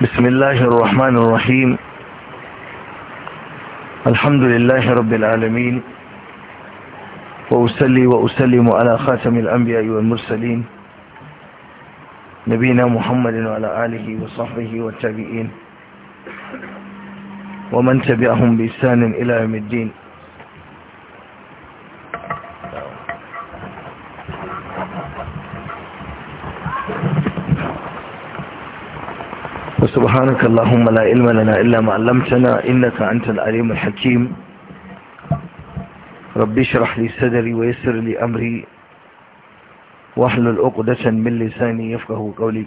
بسم الله الرحمن الرحيم الحمد لله رب العالمين وأسلي وأسلم على خاتم الأنبياء والمرسلين نبينا محمد وعلى آله وصحبه والتابعين ومن تبعهم بإحسان إلى يوم الدين سبحانك اللهم لا علم لنا إلا ما علمتنا إنك أنت العليم الحكيم ربي اشرح لي صدري ويسر لي أمري واحلل عقدة من لساني يفقه قولي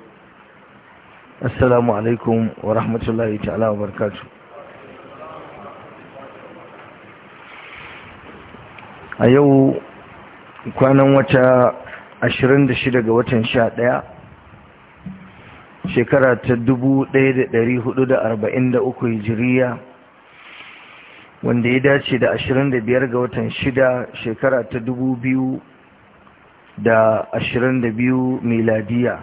السلام عليكم ورحمة الله تعالى وبركاته أيو كان وتا 26 ga watan 11 shekara ta 1443 hijiriya wanda ya dace da 25 ga watan shida, shekara ta 2022 miladiya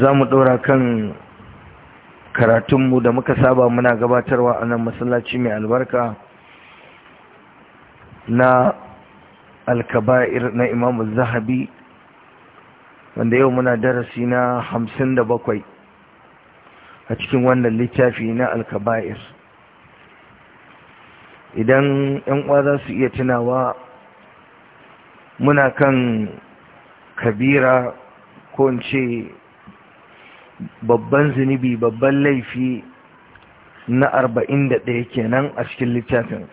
za mu ɗora kan karatunmu da muka saba muna gabatarwa a nan masallaci mai albarka na alkaba'ir na imamu zahabi wanda yau muna darasi na hamsin da bakwai a cikin wannan littafi na alkaba'ir idan yan uwa za su iya tunawa muna kan kabira ko in ce babban zunubi babban laifi na arba'in da ɗaya kenan a cikin littafin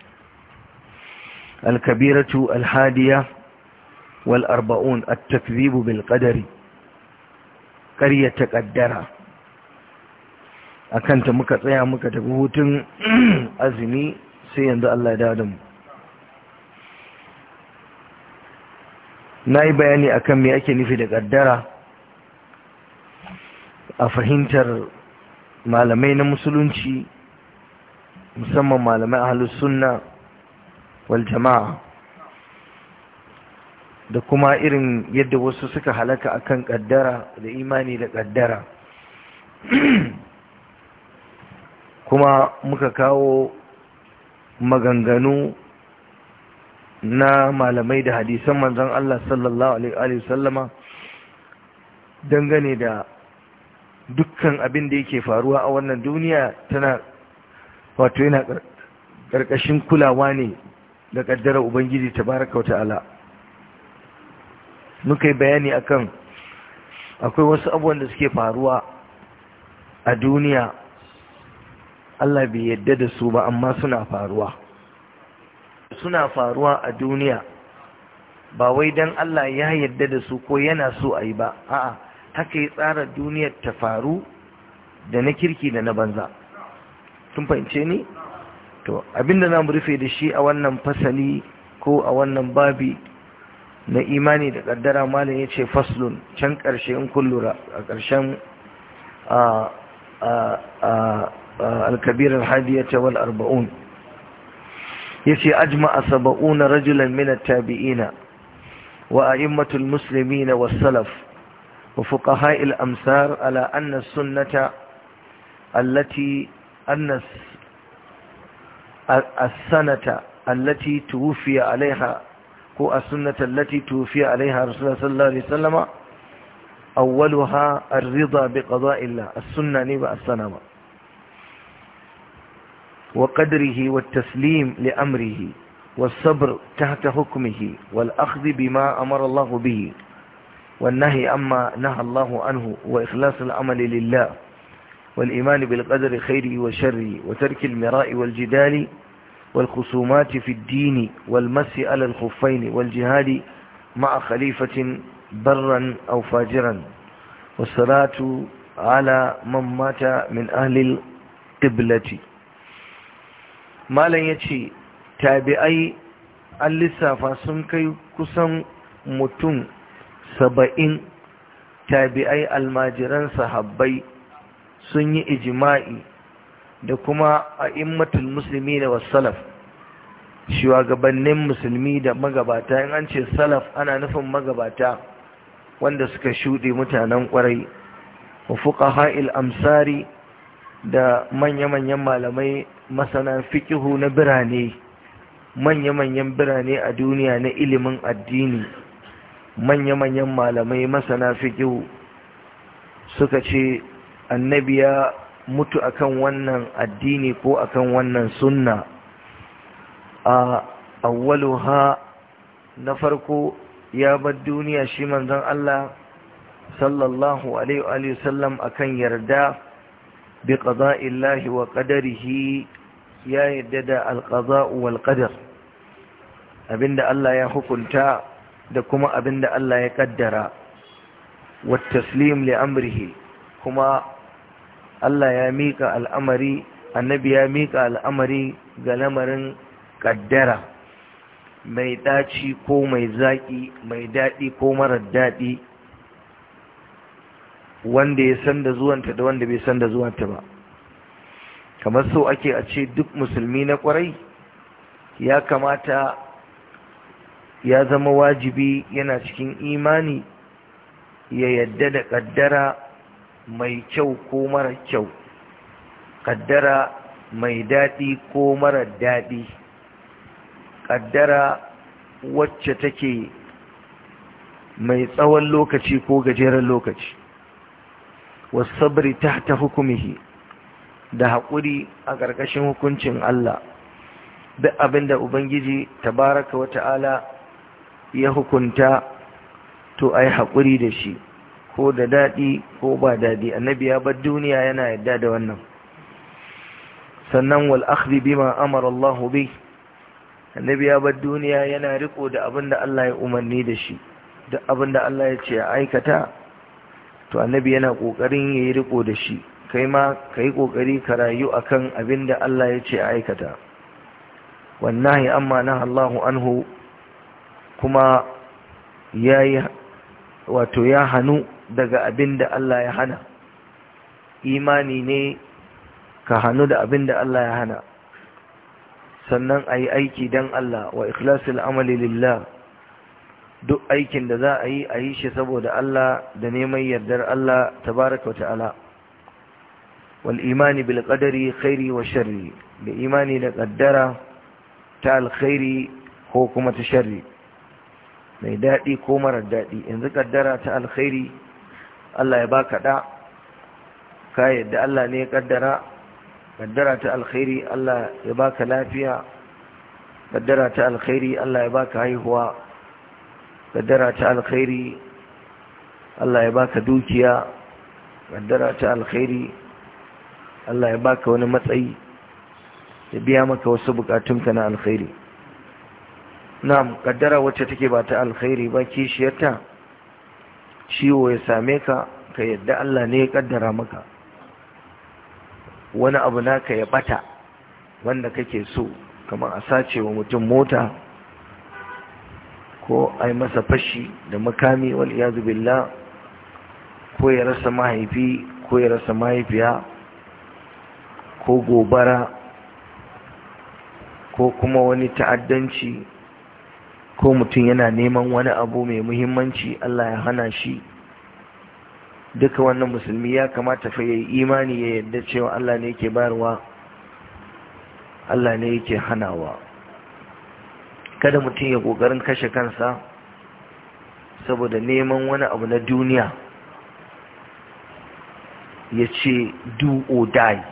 alkabiratu alhadiya wal arba'un at-takzibu bil qadari ƙaryata ƙaddara akan ta muka tsaya muka tafi hutun azumi sai yanzu Allah ya da mu na yi bayani akan me ake nufi da ƙaddara a fahimtar malamai na musulunci musamman malamai ahlus sunna wal jama'a da kuma irin yadda wasu suka halaka kan kaddara da imani da kaddara kuma muka kawo maganganu na malamai da hadisan manzon Allah sallallahu alaihi wasallama dangane da dukkan abin da yake faruwa a wannan duniya tana wato yana ƙarƙashin kulawa ne da kaddara ubangiji tabaraka wa ta'ala muka yi bayani akan akwai wasu abubuwan da suke faruwa a duniya Allah bai yadda da su ba amma suna faruwa suna faruwa a duniya ba wai don Allah ya yadda da su ko yana so a yi ba a'a haka ya tsara duniya ta faru da na kirki da na banza sun fahimce ni to abinda za mu rufe da shi a wannan fasali ko a wannan babi na imani da kaddara malam ya ce faslun can ƙarshe in kullura a ƙarshen alkabirar hadiyata wal arba'un ya ce ajma a saba'una rajulan minar tabi'ina wa a'immatul muslimina wa salaf wa fuqaha il amsar ala anna sunnata allati anna as-sanata allati tuwfiya alaiha هو السنة التي توفي عليها رسول الله صلى الله عليه وسلم أولها الرضا بقضاء الله السنة نبأ السنة وقدره والتسليم لأمره والصبر تحت حكمه والأخذ بما أمر الله به والنهي أما نهى الله عنه وإخلاص العمل لله والإيمان بالقدر خيره وشره وترك المراء والجدال والخصومات في الدين والمس على الخفين والجهاد مع خليفة برا أو فاجرا والصلاة على من مات من أهل القبلة ما لن يتشي تابعي lissafa sun kai kusan mutum saba'in tabi'ai almajiran sahabbai sun yi ijima'i da kuma a immatul musulmi da salaf shugabannin musulmi da magabata in an ce salaf ana nufin magabata wanda suka shuɗe mutanen ƙwarai wa ha'il amsari da manya-manyan malamai masana fikihu na birane manya-manyan birane a duniya na ilimin addini manya-manyan malamai masana fikihu suka ce annabiya. mutu akan wannan addini ko akan wannan sunna a awwaluha na farko ya bar duniya shi manzon Allah sallallahu alaihi wa sallam akan yarda bi qada'illahi wa qadarihi ya yarda da alqada'u wal qadar abinda Allah ya hukunta da kuma abinda Allah ya kaddara wa taslim li amrihi kuma Allah ya mika al'amari annabi ya mika al'amari ga lamarin kaddara mai ɗaci ko mai zaki mai daɗi ko marar daɗi wanda ya san da zuwanta da wanda bai san da zuwanta ba kamar so ake a ce duk musulmi na kwarai ya kamata ya zama wajibi yana cikin imani ya yadda da kaddara mai kyau ko mara kyau ƙaddara mai daɗi ko mara daɗi ƙaddara wacce take mai tsawon lokaci ko gajeren lokaci wasabri ta ta hukumihi da haƙuri a ƙarƙashin hukuncin Allah duk abinda Ubangiji tabaraka wata'ala ya hukunta to ai haƙuri da shi ko da daɗi ko ba daɗi annabi ya bar duniya yana yadda da wannan sannan wal akhdi bima amara Allah bi annabi ya bar duniya yana riko da abin Allah ya umarni da shi duk abin Allah ya ce a aikata to annabi yana kokarin yayi riko da shi kai ma kai kokari ka rayu akan abinda da Allah ya ce a aikata wallahi amma na Allahu anhu kuma yayi wato ya hanu daga abin da Allah ya hana imani ne ka hannu da abin da Allah ya hana sannan a yi aiki don Allah wa ikhlasul amali lillah duk aikin da za a yi a yi shi saboda Allah da neman yardar Allah tabaraka wa ta'ala wal imani bil qadari khairi wa sharri da imani da kaddara ta alkhairi ko kuma ta sharri mai daɗi ko marar daɗi yanzu kaddara ta alkhairi Allah ya baka da ka yadda Allah ne ya kaddara kaddara ta alkhairi Allah ya baka lafiya kaddara ta alkhairi Allah ya baka haihuwa kaddara ta alkhairi Allah ya baka dukiya kaddara ta alkhairi Allah ya baka wani matsayi ya biya maka wasu bukatunka na alkhairi na'am kaddara wacce take ba ta alkhairi ba kishiyarta ciwo ya same ka ka yadda Allah ne ya kaddara maka wani abu naka ya bata wanda kake so kamar a sace wa mutum mota ko a yi masa fashi da makami wani ya billah ko ya rasa mahaifi ko ya rasa mahaifiya ko gobara ko kuma wani ta'addanci ko mutum yana neman wani abu mai muhimmanci Allah ya hana shi duka wannan musulmi ya kamata fa yayi imani ya yadda cewa Allah ne yake bayarwa Allah ne yake hanawa kada mutum ya kokarin kashe kansa saboda neman wani abu na duniya ya ce do or die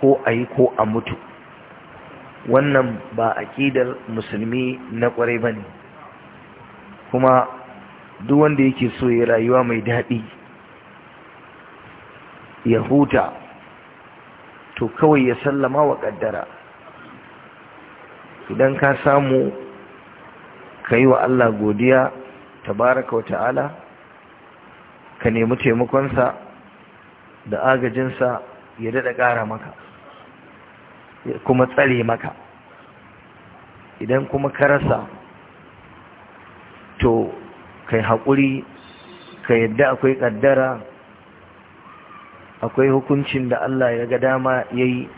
ko a yi ko a mutu wannan ba aƙidar musulmi na ƙwarai ba ne kuma duk wanda yake so ya rayuwa mai daɗi ya huta to kawai ya sallama wa ƙaddara idan ka samu ka yi wa Allah godiya tabaraka wa ta'ala ka nemi taimakonsa da agajinsa ya daɗa ƙara maka kuma tsare maka idan kuma ka rasa to kai haƙuri ka yadda akwai ƙaddara akwai hukuncin da Allah ya ga dama ya yi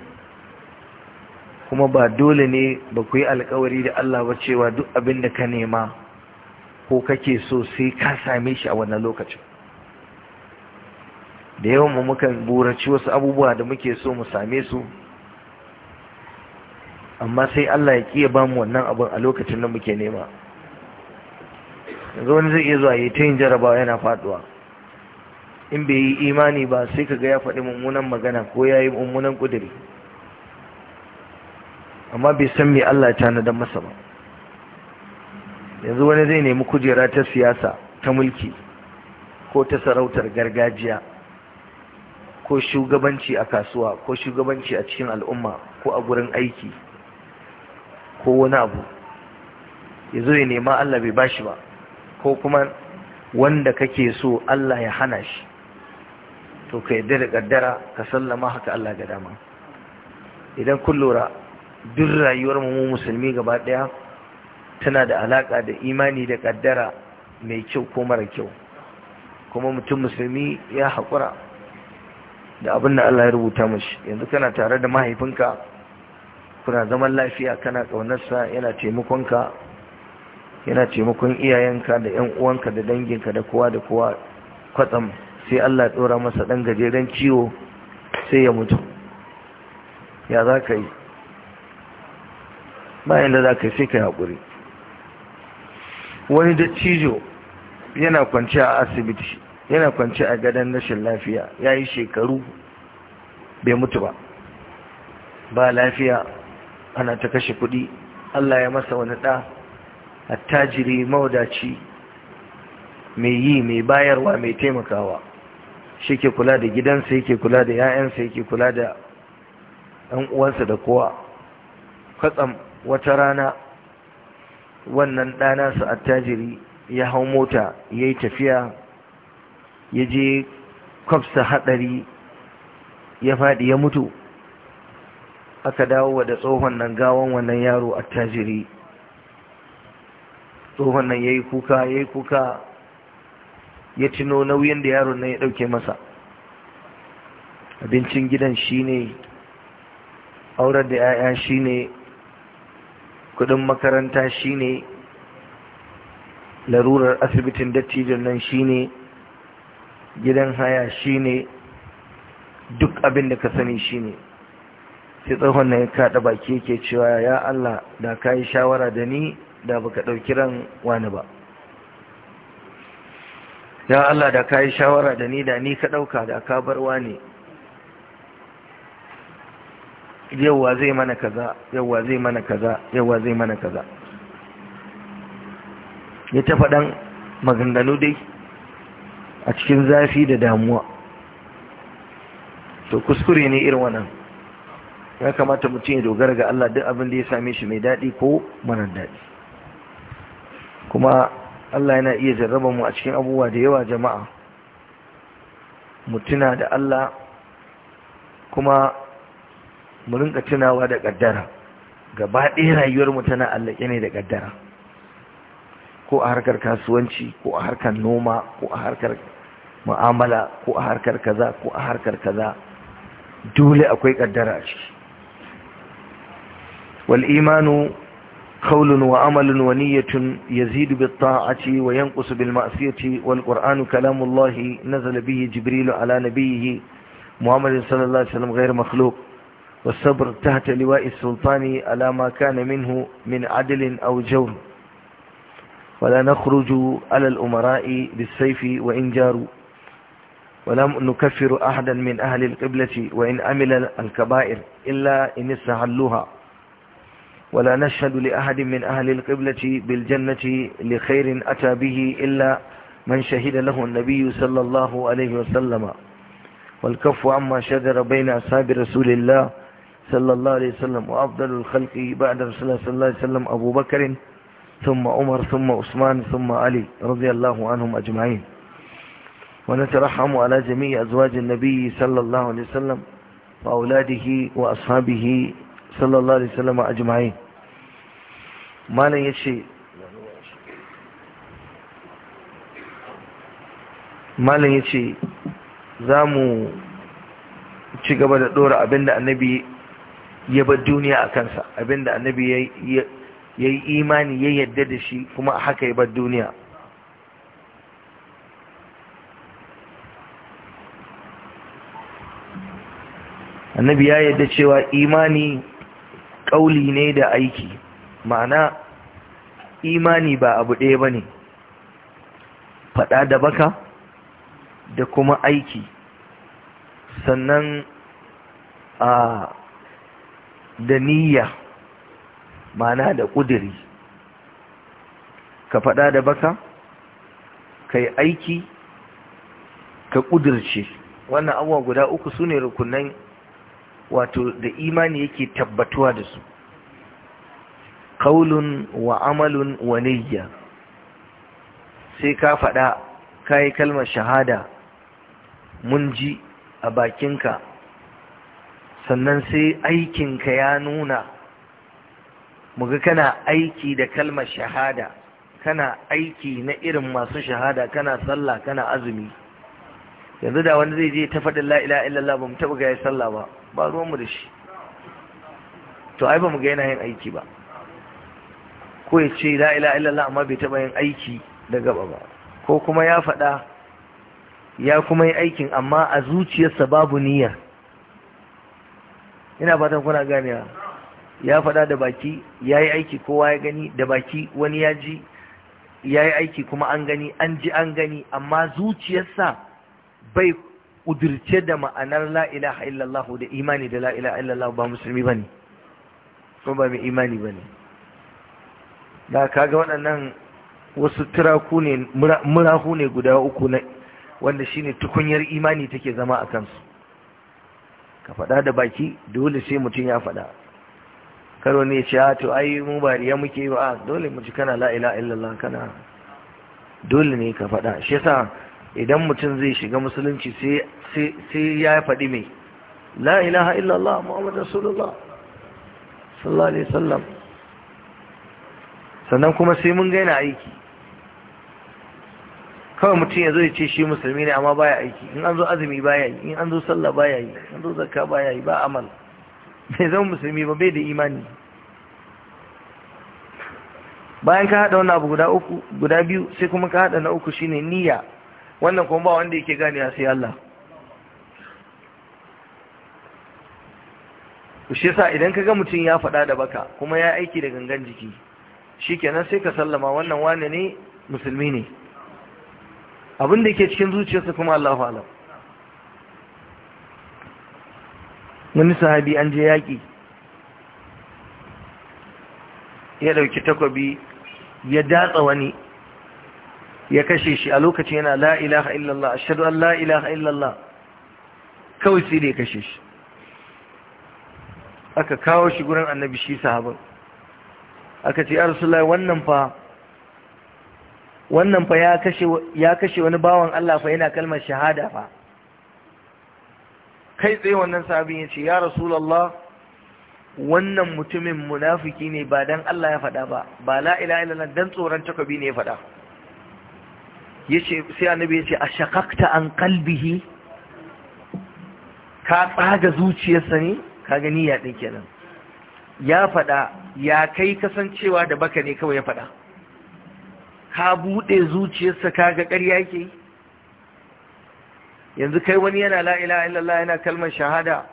kuma ba dole ne ba ku yi alkawari da Allah ba cewa duk abin da ka nema ko kake so sai ka same shi a wannan lokacin da yawan mu mukan buraci wasu abubuwa da muke so mu same su amma sai Allah ya kiya bamu wannan abin a lokacin da muke nema yanzu wani zai iya zuwa ya ta yin jarabawa yana faduwa in bai yi imani ba sai ka ga ya faɗi mummunan magana ko ya yi mummunan ƙudiri amma bai san me Allah ya tanadar masa ba yanzu wani zai nemi kujera ta siyasa ta mulki ko ta sarautar gargajiya ko shugabanci a kasuwa ko shugabanci a cikin al'umma ko a gurin aiki ko wani abu ya zo ya nema Allah bai ba shi ba ko kuma wanda kake so Allah ya hana shi to ka yi da ƙaddara ka sallama haka Allah ga dama idan kun lura duk rayuwar mu musulmi gaba ɗaya tana da alaƙa da imani da ƙaddara mai kyau ko mara kyau kuma mutum musulmi ya haƙura da abin da Allah ya rubuta mashi yanzu kana tare da mahaifinka kuna zaman lafiya kana ƙaunarsa yana taimakonka yana taimakon iyayenka da yan uwanka da danginka da kowa da kowa kwatsam sai Allah ya ɗora masa ɗan gajeren ciwo sai ya mutu ya za ka yi bayan da za ka yi sai ka yi haƙuri wani dattijo yana kwanci a asibiti yana kwanci a gadon rashin lafiya ya yi shekaru bai mutu ba ba lafiya ana ta kashe kuɗi Allah ya masa wani ɗa attajiri mawadaci mai yi mai bayarwa mai taimakawa shi ke kula da gidansa yake kula da 'ya'yansa yake kula da ɗan uwansa da kowa kwatsam wata rana wannan ɗanasa attajiri ya hau mota ya yi tafiya ya je kwafsa haɗari ya faɗi ya mutu aka dawo da tsohon nan gawan wannan yaro a tajiri. tsohon nan ya yi kuka ya yi kuka ya tino nauyin da yaron nan ya ɗauke masa abincin gidan shi ne, aurar da 'ya'ya shi ne, kudin makaranta shi ne, larurar asibitin dattijon nan shi ne, gidan haya shi ne, duk abin da ka sani shi ne. sai tsohon na ya kaɗa baki yake cewa ya Allah da ka yi shawara da ni da baka ɗauki ran wani ba ya Allah da ka yi shawara da ni da ni ka ɗauka da ka bar wani yauwa zai mana kaza yauwa zai mana kaza yauwa zai mana kaza ya ta faɗan maganganu dai a cikin zafi da damuwa to kuskure ne irin wannan ya kamata mutum ya dogara ga Allah duk abin da ya same shi mai daɗi ko marar daɗi kuma Allah yana iya jarraba mu a cikin abubuwa da yawa jama'a mutuna da Allah kuma mu rinka tunawa da ƙaddara. gaba ɗaya rayuwar mu tana allake ne da ƙaddara, ko a harkar kasuwanci ko a harkar noma ko a harkar mu'amala ko a harkar kaza ko a harkar kaza dole akwai ƙaddara a ciki والإيمان قول وعمل ونية يزيد بالطاعة وينقص بالمعصية والقرآن كلام الله نزل به جبريل على نبيه محمد صلى الله عليه وسلم غير مخلوق والصبر تحت لواء السلطان على ما كان منه من عدل أو جور ولا نخرج على الأمراء بالسيف وإن جاروا ولا نكفر أحدا من أهل القبلة وإن عمل الكبائر إلا إن استحلوها ولا نشهد لأحد من أهل القبلة بالجنة لخير أتى به إلا من شهد له النبي صلى الله عليه وسلم والكف عما شجر بين أصحاب رسول الله صلى الله عليه وسلم وأفضل الخلق بعد رسول الله صلى الله عليه وسلم أبو بكر ثم عمر ثم عثمان ثم علي رضي الله عنهم أجمعين ونترحم على جميع أزواج النبي صلى الله عليه وسلم وأولاده وأصحابه صلى الله عليه وسلم أجمعين malam ya ce malam ya ce za mu ci gaba da ɗora abinda annabi ya bar duniya a kansa abinda annabi ya yi imani ya yadda da shi kuma haka ya bar duniya annabi ya yadda cewa imani ƙauli ne da aiki ma'ana imani ba abu ɗaya ba ne faɗa da baka da kuma aiki sannan a da niyya ma'ana da ƙudiri ka faɗa da baka ka yi aiki ka ƙudirce wannan abuwa guda uku su ne rukunan wato da imani yake tabbatuwa da su Kaulun wa amalun wa niyya sai ka faɗa kai kalmar shahada mun ji a bakinka sannan sai aikinka ya nuna muga kana aiki da kalmar shahada kana aiki na irin masu shahada kana sallah kana azumi yanzu da wani zai je ta faɗin la'ila illallah ba mu taɓa ga ya sallah ba ba ruwanmu da shi to ai ba mu ga yana yin aiki ba ko ya ce la ila illallah amma bai taɓa yin aiki da gaba ba ko kuma ya faɗa ya kuma yi aikin amma a zuciyarsa babu niyyar ina fatan kuna ganewa ya faɗa da baki ya yi aiki kowa ya gani da baki wani ya ji ya yi aiki kuma an gani an ji an gani amma zuciyarsa bai kudirce da ma'anar la'ilaha illallah da imani da la'ilaha illallah ba musulmi ba ne kuma ba mai imani ba ne da kaga waɗannan wasu turaku ne murahu ne guda uku na wanda shine tukunyar imani take zama a kansu ka faɗa da baki dole sai mutum ya faɗa karo ne ce ah, to ai mu ba riya muke ba ah, dole mu ci kana la ilaha illallah kana dole ne ka faɗa shi yasa idan mutum zai shiga musulunci sai ya faɗi mai la ilaha illallah muhammad rasulullah sallallahu alaihi wasallam sannan kuma sai mun gaina aiki kawai mutum ya zo ya ce shi musulmi ne amma baya aiki in an zo azumi baya yi in an zo sallah baya yi in an zo zakka baya yi ba amal bai zama musulmi ba bai da imani bayan ka haɗa wannan abu guda uku guda biyu sai kuma ka haɗa na uku shine niyya wannan kuma ba wanda yake ya sai Allah shi sa idan ka ga mutum ya faɗa da baka kuma ya aiki da gangan jiki shikenan sai ka sallama wannan wane ne musulmi ne abin da yake cikin zuciyarsa kuma Allahu alam wani sahabi an je yaƙi ya ɗauki takobi ya datsa wani ya kashe shi a lokacin yana la illallah a an la illallah kawai sai da ya kashe shi aka kawo shi gurin annabi shi sahabin aka ce ya wannan fa wannan fa ya kashe wani bawan Allah fa yana kalmar shahada fa kai tsaye wannan sabi ya ce ya rasulallah wannan mutumin munafiki ne ba don Allah ya faɗa ba ba la'ila ilaha don tsoron takobi ne ya faɗa ce sai annabi a shakakta an kalbihi ka tsaga zuciyarsa ne ka gani ya ɗin kenan ya faɗa ya kai kasancewa da baka ne kawai ya faɗa ka buɗe zuciyarsa kaga ƙarya yake yanzu kai wani yana la'ila illallah yana kalmar shahada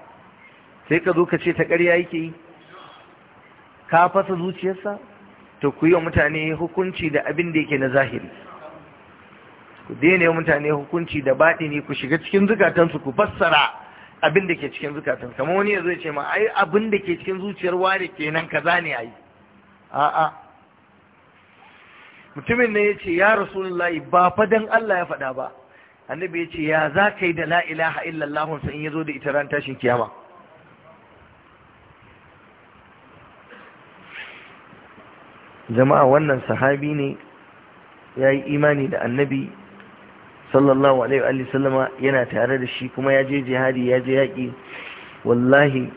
sai ka zo ka ce ta ƙarya yake ka fasa zuciyarsa ta ku yi wa mutane hukunci da abin da yake na zahiri ku daina yi mutane hukunci da baɗi ne ku shiga cikin zukatansu ku fassara abin da ke cikin zukatan kamar wani ya zo ce ma ai abin da ke cikin zuciyar ware kenan kaza ne ayi. a'a mutumin ne ya ce ya rasulullahi ba fa Allah ya faɗa ba annabi ya ce ya za ka yi da la ilaha illallah sun ya zo da ita ran tashin kiyama jama'a wannan sahabi ne ya yi imani da annabi sallallahu alaihi wa sallama yana tare da shi kuma ya je jihadi ya je yaƙi wallahi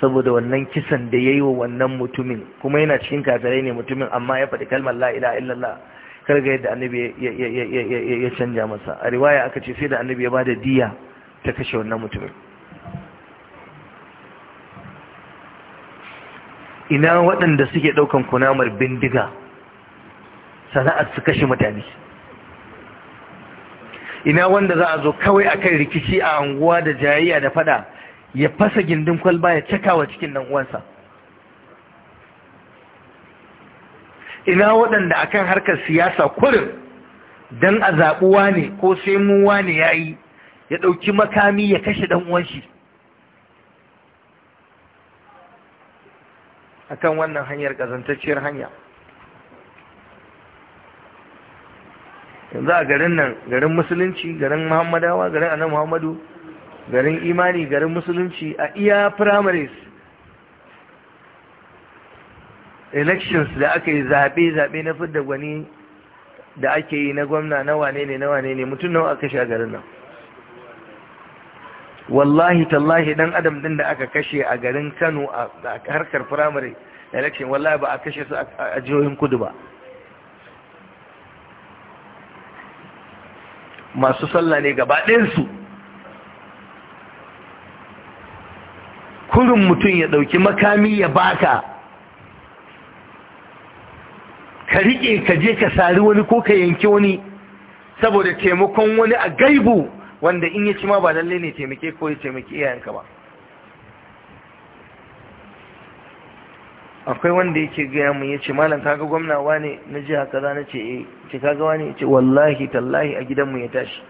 saboda wannan kisan da ya yi wa wannan mutumin kuma yana cikin kafirai ne mutumin amma ya faɗi kalmar la'ila illallah karga yadda annabi ya canja masa a riwaya aka ce sai da annabi ya bada diya ta kashe wannan mutumin ina waɗanda suke ɗaukan kunamar bindiga sana'ar su kashe mutane ina wanda za a zo kawai akan rikici a anguwa da jayayya da fada ya fasa gindin kwalba ya cakawa cikin dan uwansa ina waɗanda akan harkar siyasa kurin dan a zaɓuwa ne ko sai muwa ne ya yi ya ɗauki makami ya kashe ɗan uwanshi akan wannan hanyar ƙazantacciyar hanya yanzu a garin nan garin musulunci garin muhammadawa garin annabi muhammadu garin imani garin musulunci a iya primaries elections da aka yi zaɓe zaɓe na fidda gwani da ake yi na gwamna na wane ne na wane ne mutum nawa aka sha garin nan wallahi tallahi dan adam din da aka kashe a garin kano a harkar primary election wallahi ba a kashe su a jihohin kudu ba masu sallah ne gaba ɗayansu kurin mutum ya ɗauki makami ya baka ka riƙe ka je ka sari wani ko ka yanki wani saboda taimakon wani a gaibu wanda in ya ci ma ba lalle ne taimake ko ya taimake iyayenka ba akwai wanda yake gaya mu yace malam kaga gwamna wane na jiha kaza na ce eh ce kaga wane yace wallahi tallahi a gidanmu ya tashi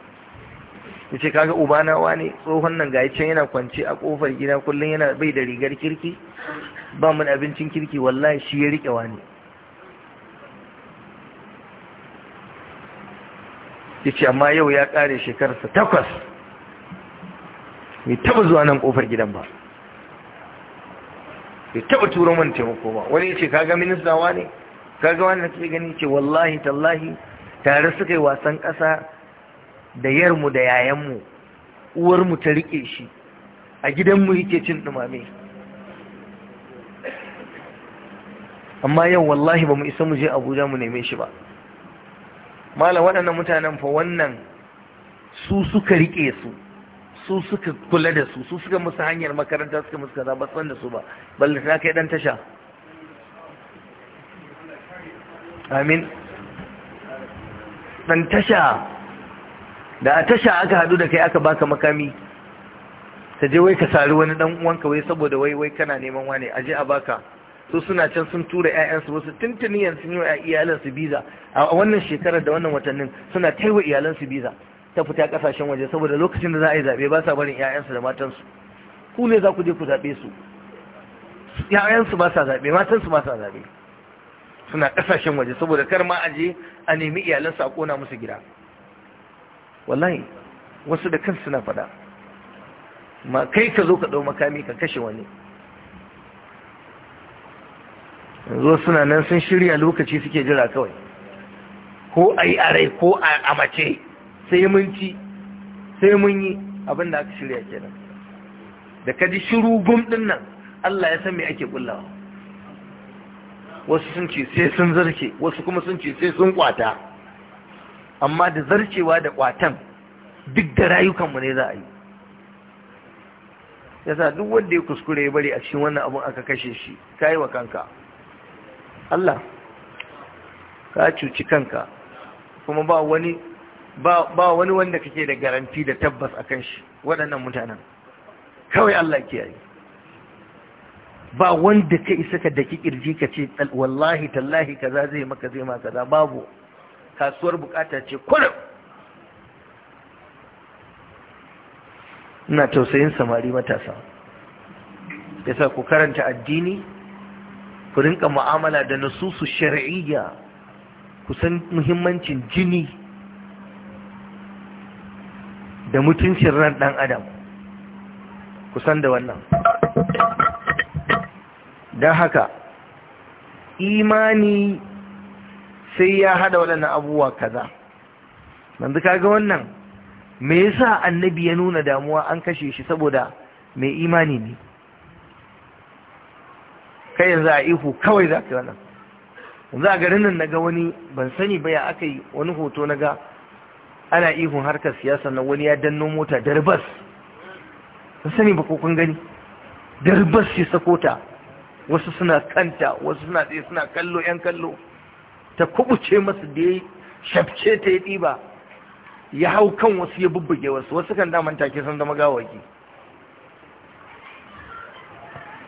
yace kaga ubana wane tsohon nan ga yace yana kwance a kofar gida kullun yana bai da rigar kirki ba mun abincin kirki wallahi shi ya rike wane yace amma yau ya kare shekarsa takwas bai taba zuwa nan kofar gidan ba bai taɓa turo mana taimako ba wani yace ce kaga minista wa ne kaga na ke gani ce wallahi tallahi tare suka yi wasan ƙasa da yarmu da yayanmu uwarmu ta riƙe shi a gidanmu yake cin ɗumame amma yau wallahi ba mu isa mu je abuja mu neme shi ba malam waɗannan mutanen fa wannan su suka riƙe su su suka kula da su su suka musu hanyar makaranta suka musu kaza ba san da su ba balle ta kai dan tasha amin dan tasha da a tasha aka hadu da kai aka baka makami ta je wai ka sari wani dan uwanka wai saboda wai wai kana neman wani aje a baka su suna can sun tura su wasu tuntuniyan sun yi wa iyalansu biza a wannan shekarar da wannan watannin suna taiwa iyalansu biza ta fita kasashen waje saboda lokacin da za a yi zaɓe ba sa barin 'ya'yansu da matansu ku ne za ku je ku zaɓe su 'ya'yansu ba sa zaɓe matansu ba sa zaɓe suna kasashen waje saboda kar ma aje a nemi iyalansu a kona musu gida wallahi wasu da kansu suna faɗa ma kai ka zo ka ɗau makami ka kashe wani yanzu suna nan sun shirya lokaci suke jira kawai ko a yi a rai ko a mace sai mun ci sai mun yi abin da aka shirya kenan da ka ji shiru gum din nan Allah ya san me ake kullawa wasu sun ce sai sun zarce wasu kuma sun ce sai sun kwata amma da zarcewa da kwatan duk da rayukan mu ne za a yi yasa duk wanda ya kuskure ya bari a cikin wannan abun aka kashe shi ka wa kanka Allah ka cuci kanka kuma ba wani ba wani wanda kake da garanti da tabbas a kan shi waɗannan mutanen kawai Allah kiyaye ba wanda ka isa ka daki kirji ka ce wallahi tallahi kaza zai maka zai maka kaza babu kasuwar bukata ce kullum ina tausayin samari matasa yasa ku karanta addini ku rinka mu'amala da nasusu shari'iyya ku san muhimmancin jini da mutuncin ran ɗan adam kusan da wannan don haka imani sai ya hada waɗannan abubuwa kaza yanzu kaga wannan me yasa annabi ya nuna damuwa an kashe shi saboda mai imani ne kai yanzu a ihu kawai za ka yi wannan yanzu a garin nan na ga wani ban sani ba ya aka yi wani hoto na ga ana ihun harkar siyasa na wani ya danno mota darbas sun sani ba kokon gani darbas ya sako wasu suna kanta wasu suna tsaye suna kallo yan kallo ta kubuce masu da ya shafce ta ya ɗiba ya hau kan wasu ya bubbuge wasu wasu kan daman take sun zama gawaki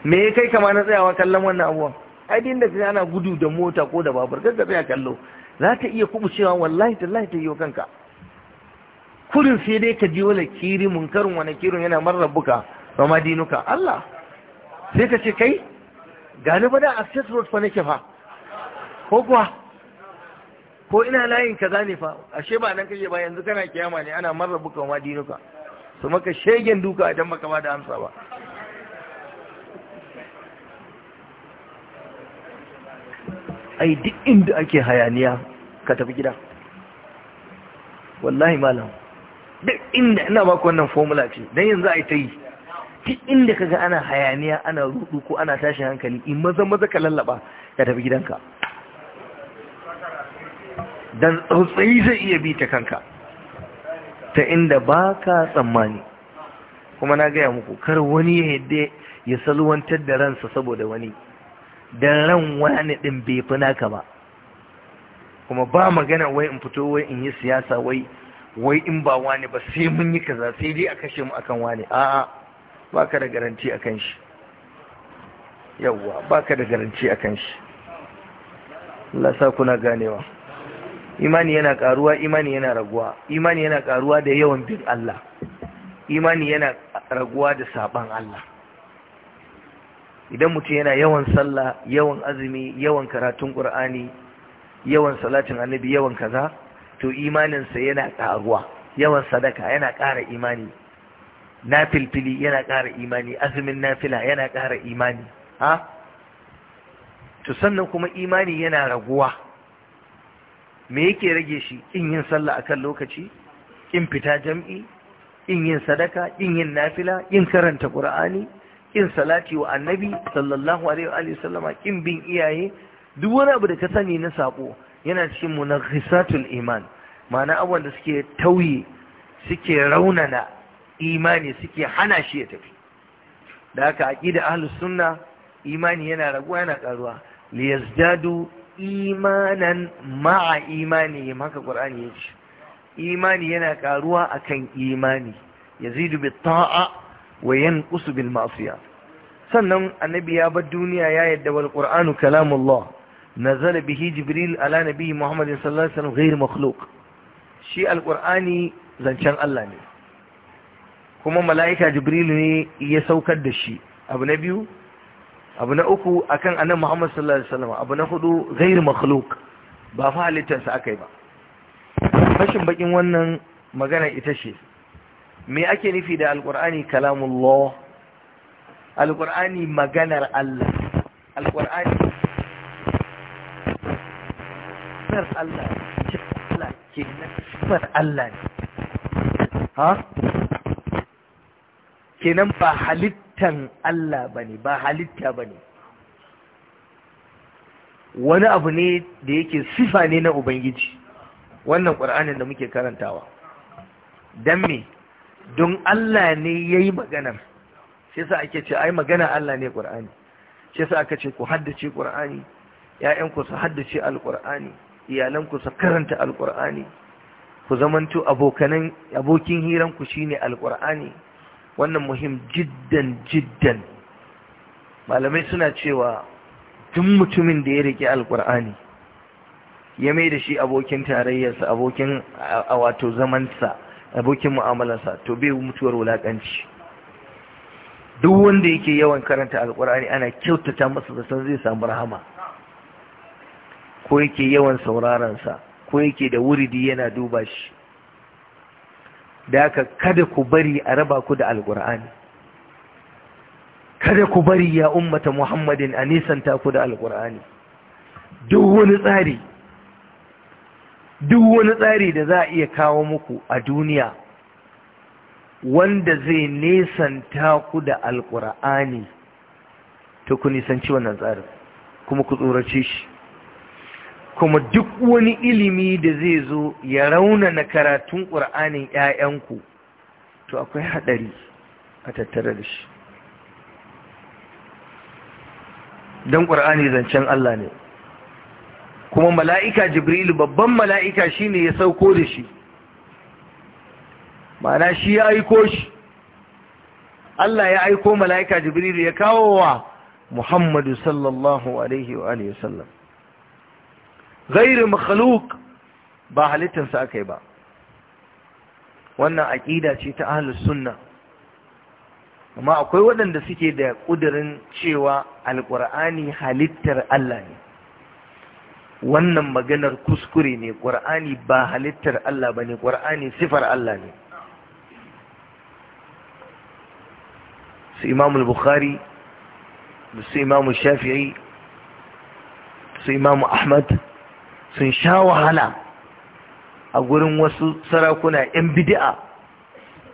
me ya kai kama na tsayawa kallon wannan abuwan aidin da kai ana gudu da mota ko da babur gaggaba ya kallo za ta iya kubucewa wallahi tallahi ta yi wa kanka kurin sai dai ka ji wani kiri munkarin wani kirin yana marar buka ba ma dinuka Allah sai ka ce kai gani ba da access road fa nake fa ko kuwa ko ina layin ka ne fa ashe ba nan kaje ba yanzu kana kiyama ne ana marar buka ma dinuka su maka shegen duka idan maka ba da amsa ba ai duk inda ake hayaniya ka tafi gida wallahi malam duk inda ina baku wannan formula ce don yanzu a yi ta yi duk inda kaga ana hayaniya ana rudu ko ana tashin hankali in maza maza ka lallaba ka tafi gidanka dan tsautsayi zai iya bi ta kanka ta inda ba ka tsammani kuma na gaya muku kar wani ya yadda ya salwantar da ransa saboda wani don ran wani ɗin bai fi naka ba kuma ba magana wai in fito wai in yi siyasa wai wai in ba wani ba sai mun yi kaza sai dai a kashe mu akan wani a'a baka da garanti akan shi yawwa baka da garanti akan shi Allah sa kuna ganewa imani yana karuwa imani yana raguwa imani yana karuwa da yawan bin Allah imani yana raguwa da saban Allah idan mutum yana yawan sallah yawan azumi yawan karatun qur'ani yawan salatin annabi yawan kaza to imaninsa yana ƙaruwa yawan sadaka yana ƙara imani nafilfili yana ƙara imani azumin nafila yana ƙara imani ha to sannan kuma imani yana raguwa me yake rage shi in yin sallah akan lokaci in fita jam'i in yin sadaka in yin nafila in karanta qur'ani in salati wa annabi sallallahu alaihi wa sallama in bin iyaye duk wani abu da ka sani na sako yana cikin munaghisatul iman ma'ana abubuwan da suke tauye suke raunana imani suke hana shi ya tafi da haka aqida ahlus sunna imani yana raguwa yana karuwa liyazdadu imanan ma'a imani haka qur'ani yace imani yana karuwa akan imani yazidu bit ta'a wa yanqusu bil ma'siyah sannan annabi ya bar duniya ya yadda wal qur'anu kalamullah نزل bihi jibril على نبي محمد صلى الله عليه وسلم غير shi شيء zancen Allah ne kuma mala'ika jibril ne ya saukar da shi abu na biyu abu na uku akan annabi muhammad sallallahu alaihi abu na hudu ghairu makhluq ba fa halittarsa akai ba fashin bakin wannan magana ita ce me ake nufi da alqur'ani kalamullah alqur'ani maganar Allah alqur'ani sifar Allah Allah ke Allah ne ha kenan ba halittan Allah ba ne ba halitta ba ne. wani abu ne da yake sifa ne na ubangiji wannan ƙwar'anin da muke karantawa don me don Allah ne ya yi maganar shi sa ake ce ai magana Allah ne ƙwar'ani, shi sa aka ce ku haddace ƙur'ani ‘ya'yanku su haddace Alkur'ani? iyalanku su karanta alkur'ani ku zamanto abokanan abokin hiranku shine alkur'ani wannan muhim jiddan jiddan malamai suna cewa tun mutumin da ya rike alkur'ani ya mai da shi abokin tarayyarsa abokin a wato zamansa abokin mu'amalarsa to bai mutuwar wulakanci duk wanda yake yawan karanta alkur'ani ana kyautata masa da san zai samu rahama ko yake yawan sauraron sa, ko yake da wuridi yana duba shi da aka kada ku bari a raba ku da alkur'ani kada ku bari ya ummata muhammadin a nisanta ku da alkur'ani duk wani tsari duk wani tsari da za a iya kawo muku a duniya wanda zai nisanta ku da alkur'ani to ku nisanci wannan tsarin kuma ku tsorace shi kuma duk wani ilimi da zai zo ya rauna na karatun ƙur'anin 'ya'yanku to akwai haɗari a tattare da shi don ƙur'ani zancen Allah ne kuma mala'ika jibrilu babban mala'ika shi ne ya sauko da shi mana shi ya aiko shi Allah ya aiko mala'ika jibrilu ya kawo wa Muhammadu sallallahu Alaihi wa sallam Gairin makhluq ba halittarsa aka ba wannan aƙida ce ta ahlus sunna amma akwai waɗanda suke da ƙudurin cewa alƙur'ani halittar Allah ne wannan maganar kuskure ne ƙur'ani ba halittar Allah ba ne ƙur'ani sifar Allah ne su imamul bukhari su imamu shafi'i su imamu ahmad sun sha wahala a gurin wasu sarakuna 'yan bidi'a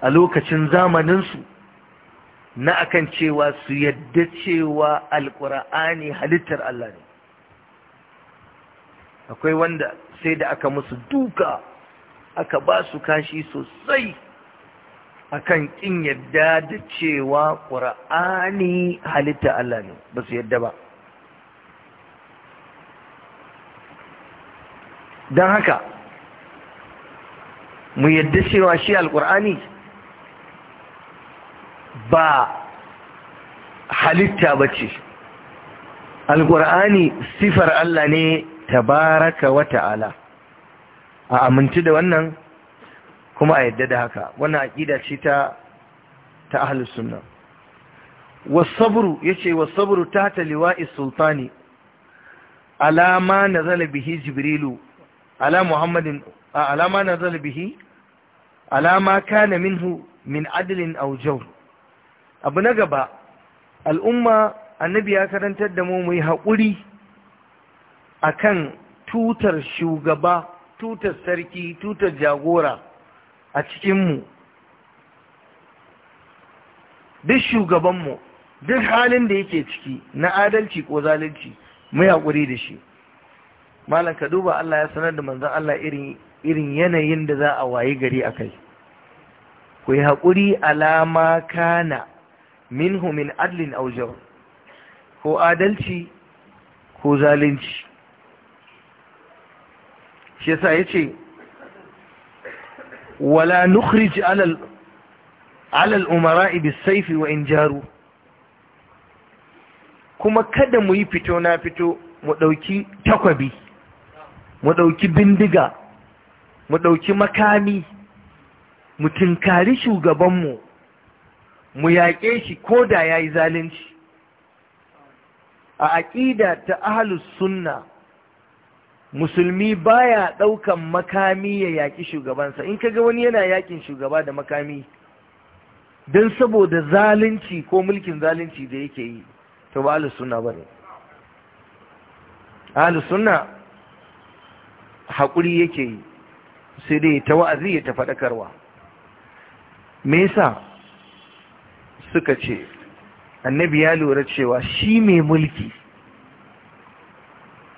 a lokacin zamaninsu na akan cewa su yadda cewa alkur'ani halittar Allah ne akwai wanda sai da aka musu duka aka ba su kashi sosai akan kin yadda da cewa ƙura'ani halittar Allah ne ba su yadda ba don haka mu yadda cewa shi alkur'ani ba halitta ba ce Alƙur'ani sifar Allah ne tabaraka wa ta'ala a aminci da wannan kuma a yadda da haka wannan aƙida ce ta ta ahlus sunna wasabru yace wasabru tahta liwa'i sultani alama nazala bihi jibrilu ala muhammadin alama na zalbihi alama kana minhu min adilin aujau abu na gaba al'umma annabi ya karantar da mu muyi yi haƙuri a kan tutar shugaba tutar sarki tutar jagora a cikinmu duk shugabanmu duk halin da yake ciki na adalci ko zalunci muyi yi haƙuri da shi malam ka duba Allah ya sanar da manzon Allah irin yanayin da za a wayi gari a kai ku yi haƙuri alama kana minhu min adlin aujau ko adalci ko zalunci shi yasa ya ce wala nukhrij alal alal umara'i saifi wa in jaru kuma kada mu yi fito na fito mu ɗauki takwabi mu ɗauki bindiga mu ɗauki makami mu tinkari shugabanmu mu yaƙe shi ko da ya yi zalunci a aƙida ta ahalus sunna musulmi baya ɗaukan makami ya yaƙi shugabansa in kaga wani yana yaƙin shugaba da makami don saboda zalunci ko mulkin zalunci da yake yi to ba ahalus sunna ba ne ahalus haƙuri yake yi sai dai ta wa'azi ya ta faɗakarwa me yasa suka ce annabi ya lura cewa shi mai mulki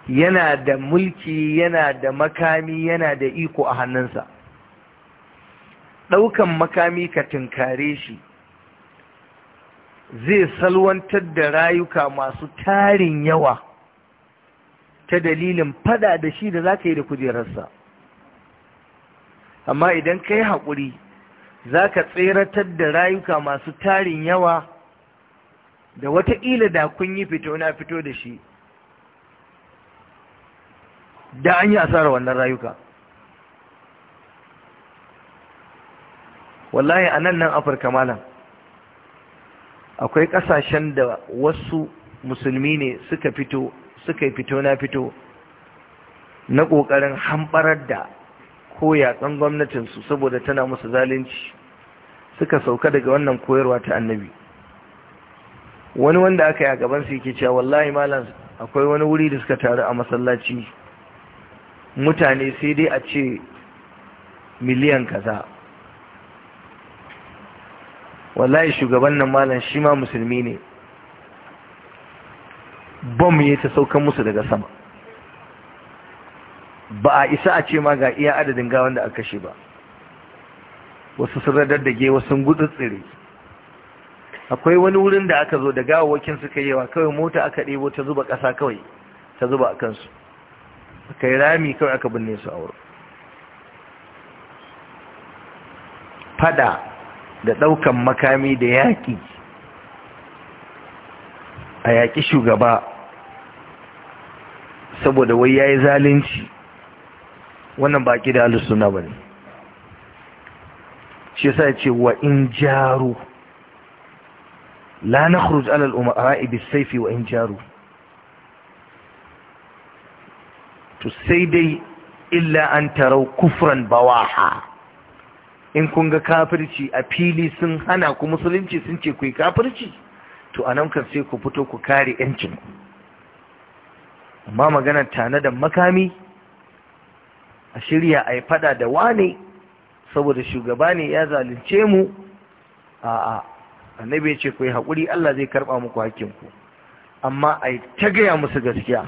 yana da mulki yana da makami yana da iko a hannunsa ɗaukan makami ka tunkare shi zai salwantar da rayuka masu tarin yawa ta dalilin fada da shi da za ka yi da kujerarsa amma idan ka yi haƙuri za ka tseratar da rayuka masu tarin yawa da wataƙila da kun yi fito na fito da shi da an yi asarar wannan rayuka wallahi a nan nan afirka malam akwai ƙasashen da wasu musulmi ne suka fito suka yi fito na fito na ƙoƙarin hamɓarar da ko gwamnatinsu saboda tana musu zalunci suka sauka daga wannan koyarwa ta annabi wani wanda aka yi a gabansu yake cewa wallahi malam akwai wani wuri da suka taru a masallaci mutane sai dai a ce miliyan kaza wallahi shugaban nan malam shi ma musulmi ne bom ya ta saukan musu daga sama ba a isa a ce ma ga iya adadin gawan da aka kashe ba wasu sun radar da gewa sun gudu tsire akwai wani wurin da aka zo da gawawakin suka yawa kawai mota aka ɗebo ta zuba ƙasa kawai ta zuba a kansu aka yi rami kawai aka binne su a wurin fada da ɗaukan makami da yaƙi a yaƙi shugaba saboda wai ya yi zalunci wannan baƙi da suna ba ne shi sa ce wa in jaru la na khuruj alal umara saifi wa in jaru to sai dai illa an tarau kufran bawaha in kun ga kafirci a fili sun hana ku musulunci sun ce ku yi kafirci to a nan sai ku fito ku kare yancinku amma maganar tana da makami a shirya a yi fada da wane saboda shugaba ne ya zalunce mu a annabi ce ku yi haƙuri Allah zai karɓa muku hakinku amma a ta gaya musu gaskiya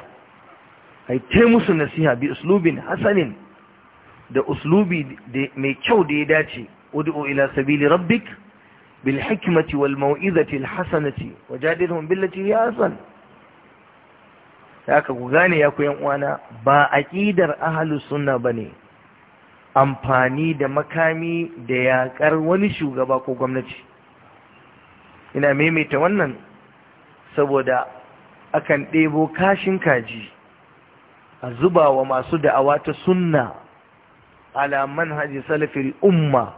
a ta musu nasiha bi uslubin hasanin da uslubi mai kyau da ya dace udu'u ila sabili rabbik بالحكمة والموئذة الحسنة وجادلهم بالتي هي أحسن haka ku gane ya ku uwana ba aqidar ahlus sunna bane amfani da makami da yakar wani shugaba ko gwamnati ina maimaita wannan saboda akan ɗebo kashin kaji a zuba wa masu da'awa ta sunna ala manhaji salafil umma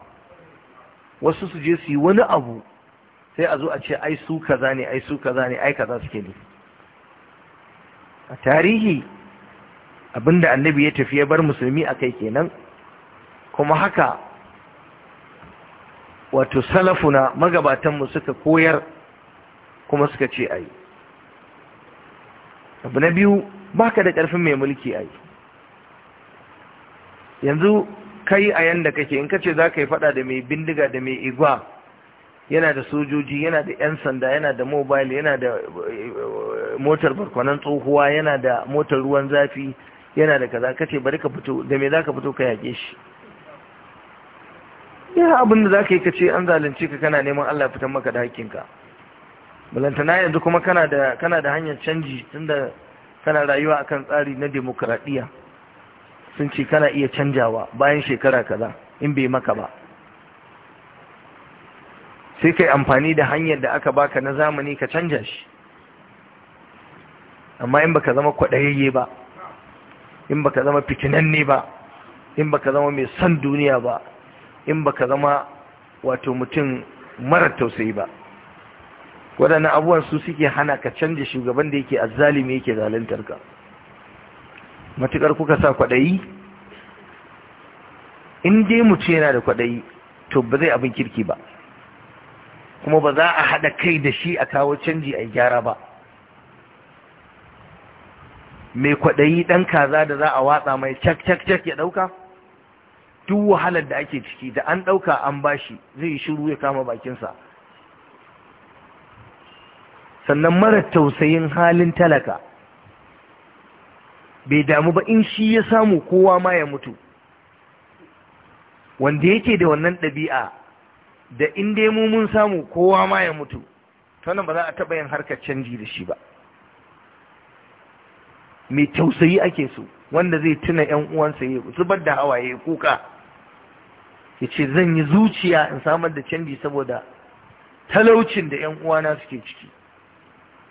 wasu su je su yi wani abu sai a zo a ce ai su kaza ne ai su kaza ne ai kaza suke ne a tarihi abinda annabi ya tafi ya bar musulmi a kai kenan kuma haka wato salafuna magabatanmu suka koyar kuma suka ce ai abu na biyu baka da ƙarfin mai mulki ai yanzu kai a yanda kake in kace za ka yi fada da mai bindiga da mai igwa yana da sojoji yana da 'yan sanda yana da mobile yana da eh, motar barkwanan tsohuwa yana da motar ruwan zafi yana da kaza kace bari ka fito da me za ka fito ka yake shi ya abin da za ka yi kace an zalunce ka kana neman Allah fitan maka da ka balantana yanzu kuma kana da hanyar canji tunda kana rayuwa akan tsari na demokradiyya sun ce kana iya canjawa bayan shekara kaza in bai maka ba sai kai amfani da hanyar da aka baka na zamani ka canja shi amma in baka zama kwaɗayayye ba in baka zama fitinanne ba in baka zama mai son duniya ba in baka zama wato mutum mara tausayi ba waɗannan abubuwan su suke hana ka canja shugaban da yake azzalimi yake zaluntar ka matukar kuka sa kwaɗayi in dai mutu yana da kwaɗayi to ba zai abin kirki ba kuma ba za a haɗa kai da shi a kawo canji a gyara ba mai kwaɗayi ɗan kaza da za a watsa mai cak cak cak ya ɗauka duk wahalar da ake ciki da an ɗauka an bashi zai shiru ya kama bakinsa sannan mara tausayin halin talaka bai damu ba in shi ya samu kowa ma ya mutu wanda yake da wannan ɗabi'a da in dai mu mun samu kowa ma ya mutu sannan ba za a taɓa yin harkar canji da shi ba mai tausayi ake so wanda zai tuna ‘yan uwansa ya zubar da hawa ya kuka ya ce zan yi zuciya in samar da canji saboda talaucin da ‘yan uwana suke ciki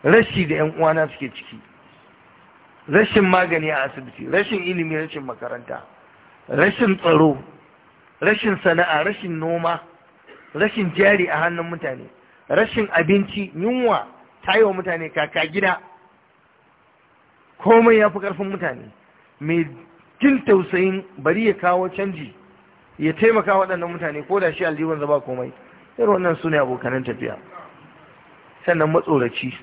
rashi da ‘yan uwana suke ciki rashin magani a asibiti rashin ilimi rashin makaranta rashin tsaro rashin sana'a rashin noma rashin jari a hannun mutane rashin abinci yunwa ta yi wa mutane kaka gida komai ya fi ƙarfin mutane mai jin tausayin bari ya kawo canji ya taimaka waɗannan mutane ko da shi aljihun zaba komai irin wannan su ne abokanan tafiya sannan matsoraci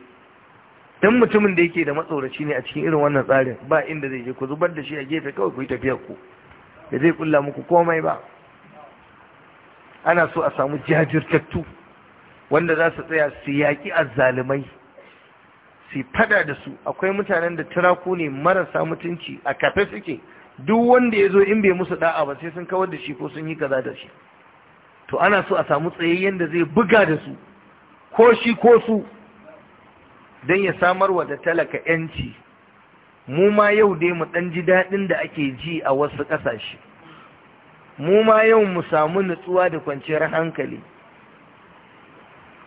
dan mutumin da yake da matsoraci ne a cikin irin wannan tsarin ba inda zai je ku zubar da shi a gefe kawai ku yi tafiyar ku da zai kulla muku komai ba ana so a samu jajirtattu wanda za su tsaya su yaƙi azzalumai su fada da su akwai mutanen da tiraku ne marasa mutunci a kafe suke duk wanda ya zo in bai musu da'a ba sai sun kawar da shi ko sun yi kaza da shi to ana so a samu tsayayyen da zai buga da su ko shi ko su don ya samar wa da talaka 'yanci mu ma yau dai mu ɗan ji daɗin da ake ji a wasu ƙasashe mu ma yau mu samu nutsuwa da kwanciyar hankali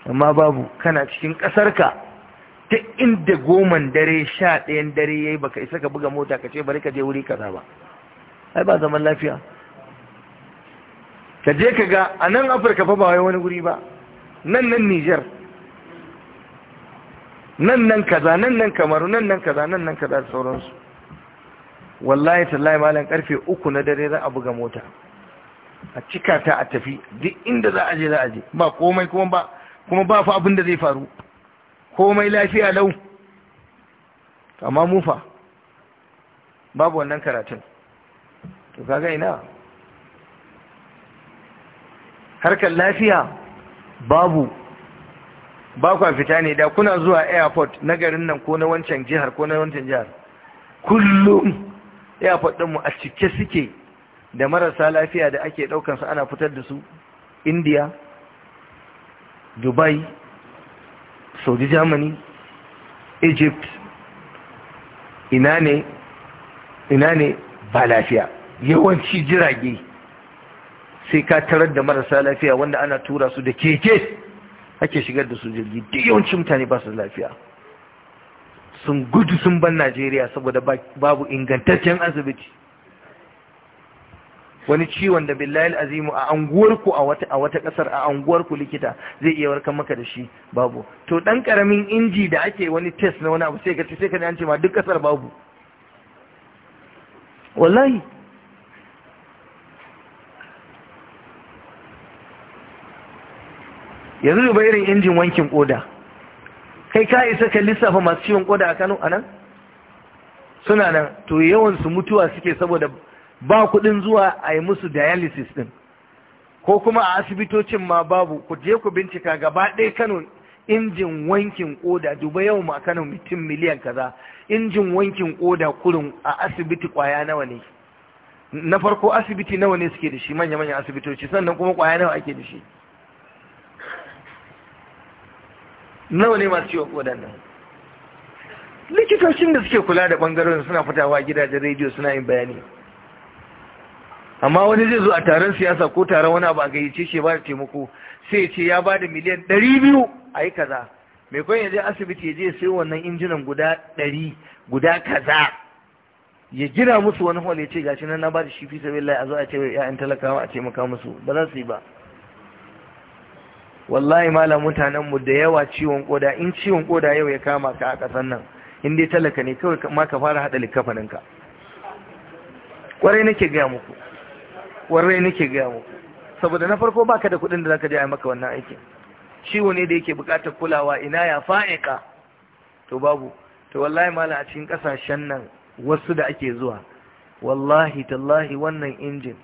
amma babu kana cikin ƙasarka ta inda goman dare sha ɗayan dare ya yi baka isa ka buga mota ka ce bari ka je wuri kaza ba ai ba zaman lafiya ka je ka ga a nan afirka fa ba wai wani wuri ba nan nan nijar nan nan kaza nan nan kamaru nan nan kaza nan nan kaza sauransu wallahi tallahi malam karfe uku na dare za a buga mota a cika ta a tafi duk inda za a je za a je ba komai kuma ba kuma ba fa abin da zai faru komai lafiya lau amma mufa babu wannan karatun to kaga ina harkar lafiya babu ba kwa fita ne da kuna zuwa airport na garin nan ko na wancan jihar ko na wancan jihar kullum airport ɗinmu a cike suke da marasa lafiya da ake ɗaukansu ana fitar da su india dubai saudi germany egypt ina ne ina ne ba lafiya yawanci jirage sai ka tarar da marasa lafiya wanda ana tura su da keke ake shigar da su jirgi duk yawancin mutane ba su lafiya sun gudu sun ban najeriya saboda babu ingantaccen asibiti wani ciwon da billahi azimu a anguwarku a wata kasar a anguwarku likita zai iya warkar maka da shi babu to dan karamin inji da ake wani test na wani abu sai ka ce sai ka ne ce ma duk kasar babu wallahi yanzu duba irin injin wankin koda kai ka isa ka lissafa masu ciwon koda a Kano anan suna nan to yawan su mutuwa suke saboda ba kuɗin zuwa a yi musu dialysis din ko kuma a asibitocin ma babu ku je ku bincika gaba ɗaya Kano injin wankin koda duba yau ma Kano mutum miliyan kaza injin wankin koda kurin a asibiti kwaya nawa ne na farko asibiti nawa ne suke da shi manya-manyan asibitoci sannan kuma kwaya nawa ake da shi nawa ne masu ciwon kodan nan likitocin da suke kula da bangaren suna fitawa gidajen rediyo suna yin bayani amma wani zai zo a taron siyasa ko taron wani abu a gayyace shi ba da taimako sai ce ya ba da miliyan ɗari biyu a yi kaza mai kwan ya asibiti ya je sai wannan injinan guda ɗari guda kaza ya gina musu wani hol ya ce gashi nan na ba da shi fi sabi a zo a ce ya'yan talakawa a taimaka musu ba za su yi ba wallahi mala mutanen mu da yawa ciwon koda in ciwon koda yau ya kama ka a kasan nan in dai talaka ne kawai ma ka fara hada likafanin ka kwarai nake ga muku kwarai nake ga muku saboda na farko baka da kuɗin da zaka je a maka wannan aikin ciwo ne da yake buƙatar kulawa ina ya fa'ika to babu to wallahi mala a cikin ƙasashen nan wasu da ake zuwa wallahi tallahi wannan injin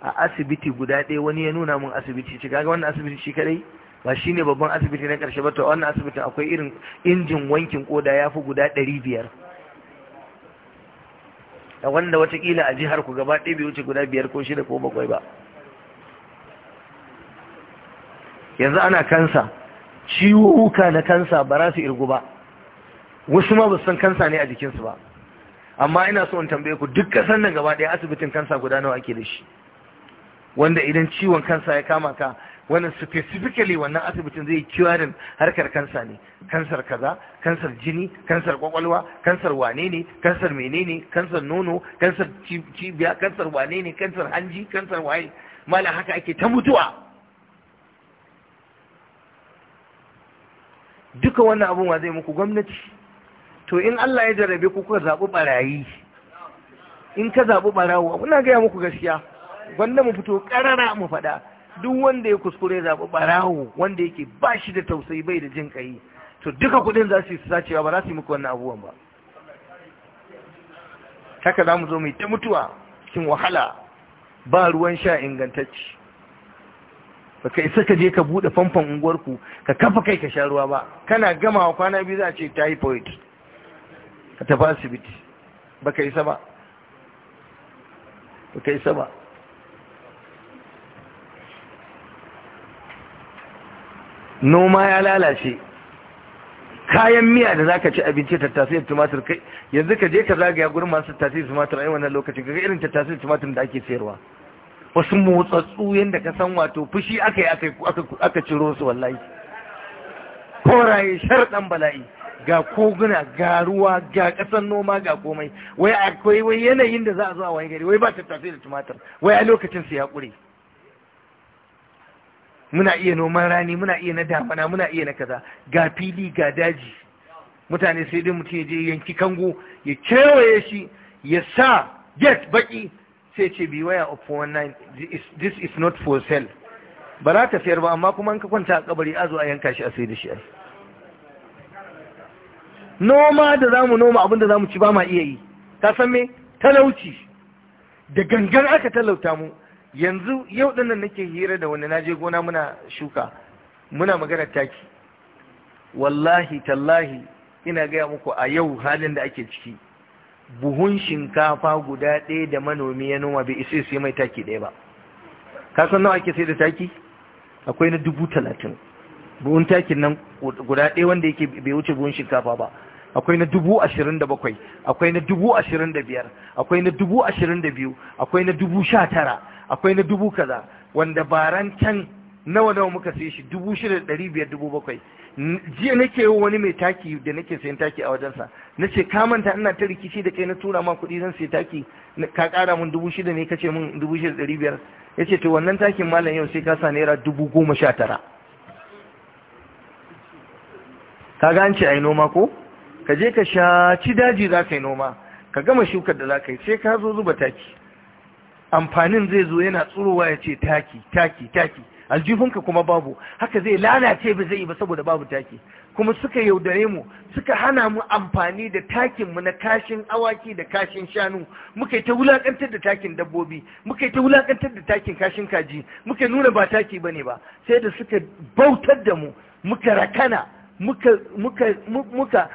a asibiti guda ɗaya wani ya nuna mun asibiti ci kaga wannan asibiti shi kadai ba shi ne babban asibiti na ƙarshe ba ta wannan asibitin akwai irin injin wankin koda ya fi guda ɗari biyar a wanda watakila a jihar ku gaba ɗaya bai wuce guda biyar ko shida ko bakwai ba yanzu ana kansa ciwo uka na kansa ba za su irgu ba wasu ma ba san kansa ne a jikinsu ba amma ina so in tambaye ku duk ƙasar nan gaba ɗaya asibitin kansa guda nawa ake da shi wanda idan ciwon kansa ya kama ka wannan specifically wannan asibitin zai kiwarin harkar kansa ne kansar kaza kansar jini kansar kwakwalwa kansar wane ne kansar menene kansar nono kansar cibiya kansar wane ne kansar hanji kansar waye mala haka ake ta mutuwa duka wannan abun wa zai muku gwamnati to in Allah ya jarabe ku kuka zaɓi ɓarayi in ka zaɓi ɓarawo ina gaya muku gaskiya gwanda mu fito ƙarara mu faɗa duk wanda ya kuskure zaɓi ɓarawo wanda yake ba shi da tausayi bai da jin ƙayi to duka kuɗin za su yi sacewa ba za su yi muku wannan abubuwan ba haka za mu zo mai ta mutuwa cikin wahala ba ruwan sha ingantacci ba ka isa ka je ka buɗe famfon unguwarku ka kafa kai ka sha ruwa ba kana gamawa kwana biyu za a ce typhoid ka tafi asibiti ba ka isa ba ba ka isa ba noma ya lalace kayan miya da zaka ci abinci tattasai da tumatir kai yanzu ka je ka zagaya gurin masu tattasai da tumatir a wannan lokacin kaga irin tattasai da tumatir da ake sayarwa wasu motsatsu yadda ka san wato fushi aka yi aka ciro su wallahi koraye sharɗan bala'i ga koguna ga ruwa ga ƙasar noma ga komai wai akwai yanayin da za a zo a wani gari wai ba tattasai da tumatir wai a lokacin su ya ƙure muna iya noman rani muna iya na damana muna iya na kaza ga fili ga daji mutane sai dai mutum ya je yanki kango ya kewaye shi ya sa get baki sai ce waya of 119 this is not for sale ba za ta sayar ba amma kuma ka kwanta a kabari a zo a yanka shi a sai da shi noma da za mu noma abin da za mu ci ba ma iya yi ta san me talauci da gangan aka talauta mu yanzu yau nan nake hira da wani naje gona muna shuka muna magana taki wallahi tallahi ina gaya muku a yau halin da ake ciki buhun shinkafa guda ɗaya da manomi ya noma bai isa sai mai taki ɗaya ba ka san nawa ake sai da taki akwai na dubu talatin buhun takin nan guda ɗaya wanda yake bai wuce buhun shinkafa ba akwai na dubu ashirin da bakwai akwai na dubu ashirin da biyar akwai na dubu ashirin da biyu akwai na dubu sha tara akwai na dubu kaza wanda baran can nawa nawa muka sai shi dubu shida da ɗari biyar dubu bakwai jiya nake yi wani mai taki da nake sayan taki a wajensa na ce ka manta ina ta rikici da kai na tura ma kuɗi zan sai taki ka ƙara min dubu shida ne ka ce min dubu shida ɗari biyar ya ce to wannan takin malam yau sai ka sa naira dubu goma sha tara ka gan ce a yi noma ko ka je ka sha ci daji za ka yi noma ka gama shukar da za ka yi sai ka zo zuba taki amfanin zai zo yana tsurowa ya ce taki taki taki aljifinka kuma babu haka zai lalace ba zai yi ba saboda babu taki kuma suka yaudare mu suka hana mu amfani da takin na kashin awaki da kashin shanu muka yi ta wulakantar da takin dabbobi muka yi ta wulakantar da takin kashin kaji muka nuna ba taki ba ne ba sai da suka bautar da mu muka rakana muka muka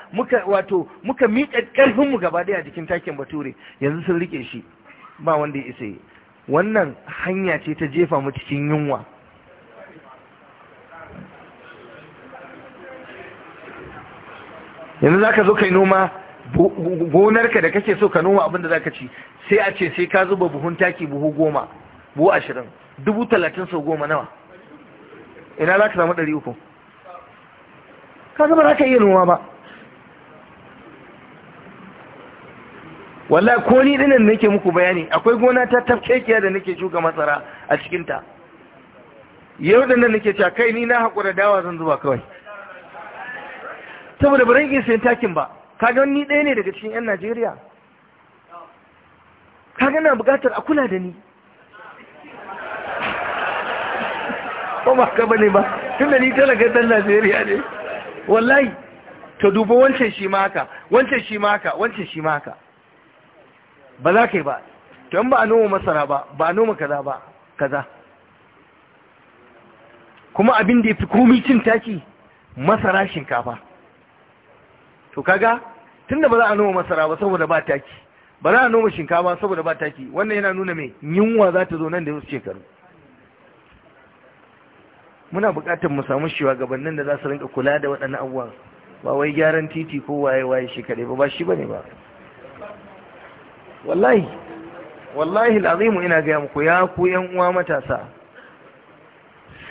wato muka miƙa ƙarfinmu mu gaba daya jikin takin bature yanzu sun rike shi ba wanda ya isa yi. wannan hanya ce ta jefa mu cikin yunwa yanzu za ka zo kai noma gonarka da kake so ka noma abinda za ka ci sai a ce sai ka zuba buhun taki buhu goma buhu ashirin dubu talatin sau goma nawa ina za ka samu ɗari uku ka zuba za ka iya noma ba wallahi ko ni dinan nake muku bayani akwai gona ta tafkekiya da nake shuka masara a cikin ta yau da nan nake cewa kai ni na hakura dawa zan zuba kawai saboda ba rage sayan takin ba kaga ni ɗaya ne daga cikin yan Najeriya kaga na buƙatar a kula da ni ko ba ka bane ba tun da ni talaga dan Najeriya ne wallahi ta dubo wancan shi ma haka wancan shi ma haka wancan shi ma haka ba za ka yi ba to ba a noma masara ba ba a noma kaza ba kaza kuma abin da ya fi komi cin taki masara shinkafa to kaga tunda ba za a noma masara ba saboda ba taki ba za a noma shinkafa saboda ba taki wannan yana nuna mai yunwa za ta zo nan da yau shekaru muna buƙatar mu samu gabanin da za su rinka kula da waɗannan abubuwan ba wai gyaran titi ko waye waye shi kaɗai ba ba shi ne ba wallahi wallahi al'azimu ina gaya muku ya ku yan uwa matasa